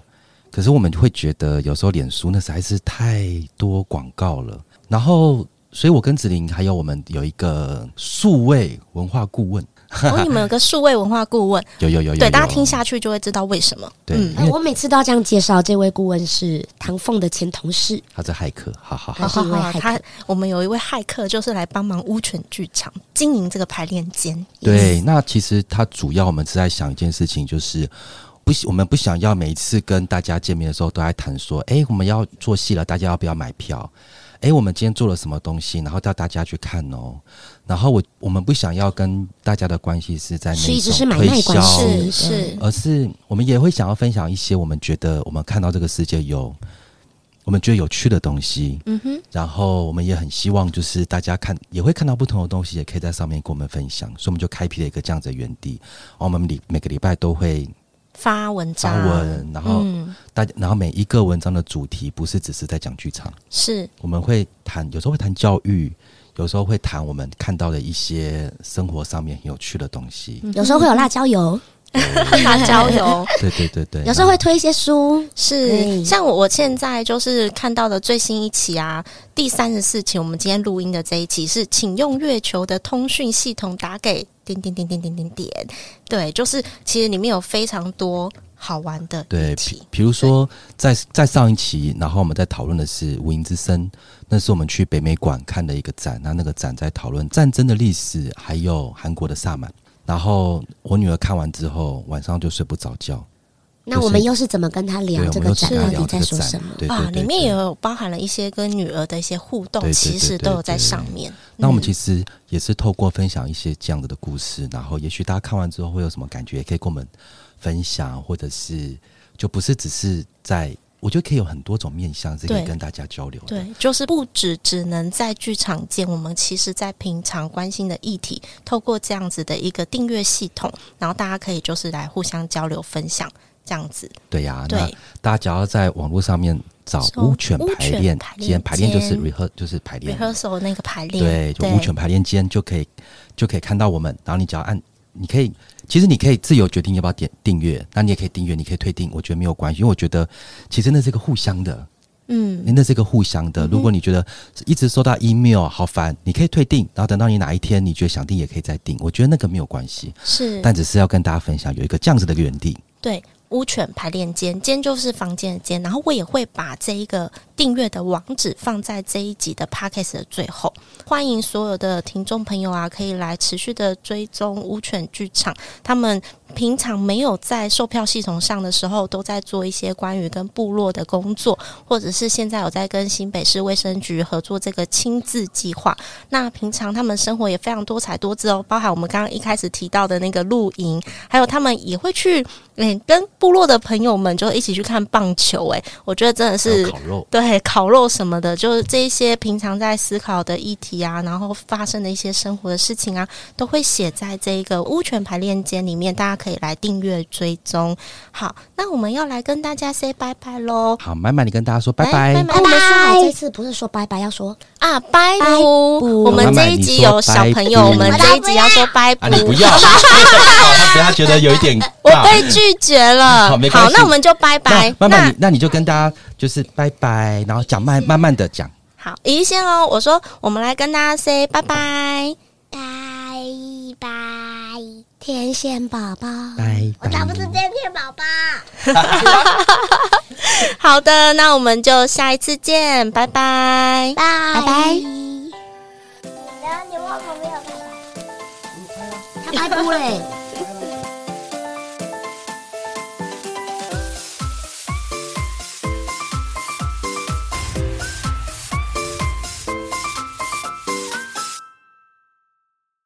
Speaker 2: 可是我們會覺得有時候臉書那是還是太多廣告了，然後，所以我跟子玲還有我們有一個數位文化顧問。哦，你們有
Speaker 1: 個數位文化顧問？ 有
Speaker 2: 有有。對有有，大家聽
Speaker 1: 下去就會知道為什麼。對，嗯啊、我每次都要這樣介紹，這位顧問是唐鳳的前同事。
Speaker 2: 他是駭客，好好好好，好
Speaker 1: 好。他我們有一位駭客，就是來幫忙烏犬劇場經營這個排練間。對
Speaker 2: ，yes. 那其實他主要我們是在想一件事情，就是。不，我們不想要每一次跟大家見面的時候都在談說，哎、欸，我們要做戲了，大家要不要買票？哎、欸，我們今天做了什麼東西？然後叫大家去看哦。然後我，我們不想要跟大家的關係是在那種推銷，是一直是買賣關係，是，而是我們也會想要分享一些我們覺得我們看到這個世界有我們覺得有趣的東西。嗯哼。然後我們也很希望，就是大家看也會看到不同的東西，也可以在上面跟我們分享，所以我們就開闢了一個這樣子的園地。我們禮、每個禮拜都會，
Speaker 1: 發文章，發文，然後
Speaker 2: 大家，嗯，然後每一個文章的主題不是只是在講劇場，
Speaker 1: 是我們
Speaker 2: 會談，有時候會談教育，有時候會談我們看到的一些生活上面很有趣
Speaker 1: 的東西，
Speaker 3: 嗯、有時候會有辣椒油，辣椒油，
Speaker 2: 對，對
Speaker 4: 對對對，
Speaker 3: 有時候
Speaker 1: 會推一些書，是、嗯、像我我現在就是看到的最新一期啊，第三十四期，我們今天錄音的這一期是，請用月球的通訊系統打給。點點點點點點點，對，就是其實裡面有非常多好玩的，
Speaker 2: 對，比如說在在上一期，然後我們在討論的是無音之聲，那是我們去北美館看的一個展，那那個展在討論戰爭的歷史，還有韓國的薩滿，然後我女兒看完之後，晚上就睡不着覺。
Speaker 3: 就是、那我們又是怎麼跟
Speaker 1: 他聊這個展？
Speaker 2: 到底在說什麼？對對對對
Speaker 1: 對對啊，裡面也有包含了一些跟女兒的一些互動，其實都有在上面對對對對對對、嗯。那我們其
Speaker 2: 實也是透過分享一些這樣子的故事，嗯、然後也許大家看完之後會有什麼感覺，也可以跟我們分享，或者是就不是只是在，我覺得可以有很多種面向，是可以跟大家交流對。
Speaker 1: 對，就是不止只、只能在劇場見，我們其實在平常關心的議題，透過這樣子的一個訂閱系統，然後大家可以就是來互相交流分享。這樣子，對呀、啊，那
Speaker 2: 大家只要在網絡上面找烏犬排練間，排練就是 rehearsal，就是排練
Speaker 1: rehearsal 那個排練，對，就烏犬排
Speaker 2: 練間就可以，就可以看到我們。然後你只要按，你可以，其實你可以自由決定要不要點訂閱，那你也可以訂閱，你可以退訂，我覺得沒有關係，因為我覺得其實那是一個互相的，
Speaker 4: 嗯，那
Speaker 2: 是一個互相的。如果你覺得一直收到 email 好煩，你可以退訂，然後等到你哪一天你覺得想訂也可以再訂，我覺得那個沒有關係，
Speaker 1: 是，但
Speaker 2: 只是要跟大家分享有一個這樣子的園地，
Speaker 1: 對。烏犬排練間，間就是房間的間。然後我也會把這一個訂閱的網址放在這一集的 podcast 的最後。歡迎所有的聽眾朋友啊，可以來持續的追蹤烏犬劇場他們。平常沒有在售票系統上的時候，都在做一些關於跟部落的工作，或者是現在有在跟新北市衛生局合作這個青字計畫。那平常他們生活也非常多彩多姿哦，包含我們剛剛一開始提到的那個露營，還有他們也會去，嗯、欸、跟部落的朋友們就一起去看棒球。哎，我覺得真的是烤肉，對，烤肉什麼的，就是這一些平常在思考的議題啊，然後發生的一些生活的事情啊，都會寫在這一個烏犬排練間裡面，大家。可以來訂閱追蹤。好，那我們要來跟大家 say 說拜拜嘍。
Speaker 3: 好，
Speaker 2: 脈脈你跟大家說拜拜，
Speaker 1: 拜拜。說好這一次不是說拜拜，要說啊拜拜。Bye. Bye. 我們這一集有小朋友，bye. 我們這一集要說拜拜。不要，
Speaker 2: 好、啊， 他覺得有一點， 我被拒
Speaker 1: 絕了 好，沒關係。好，那我們就拜拜。脈脈你，你
Speaker 2: 那你就跟大家就是拜拜，然後講慢慢慢的講。
Speaker 1: 好，依先哦，我說我們來跟大家 say 說拜拜，拜拜。天線寶寶，我才不是天線寶寶。 好的，那我們就下一次見， 拜拜，拜，拜，拜拜。你
Speaker 3: 的你為什麼沒有拜拜？他太酷嘞。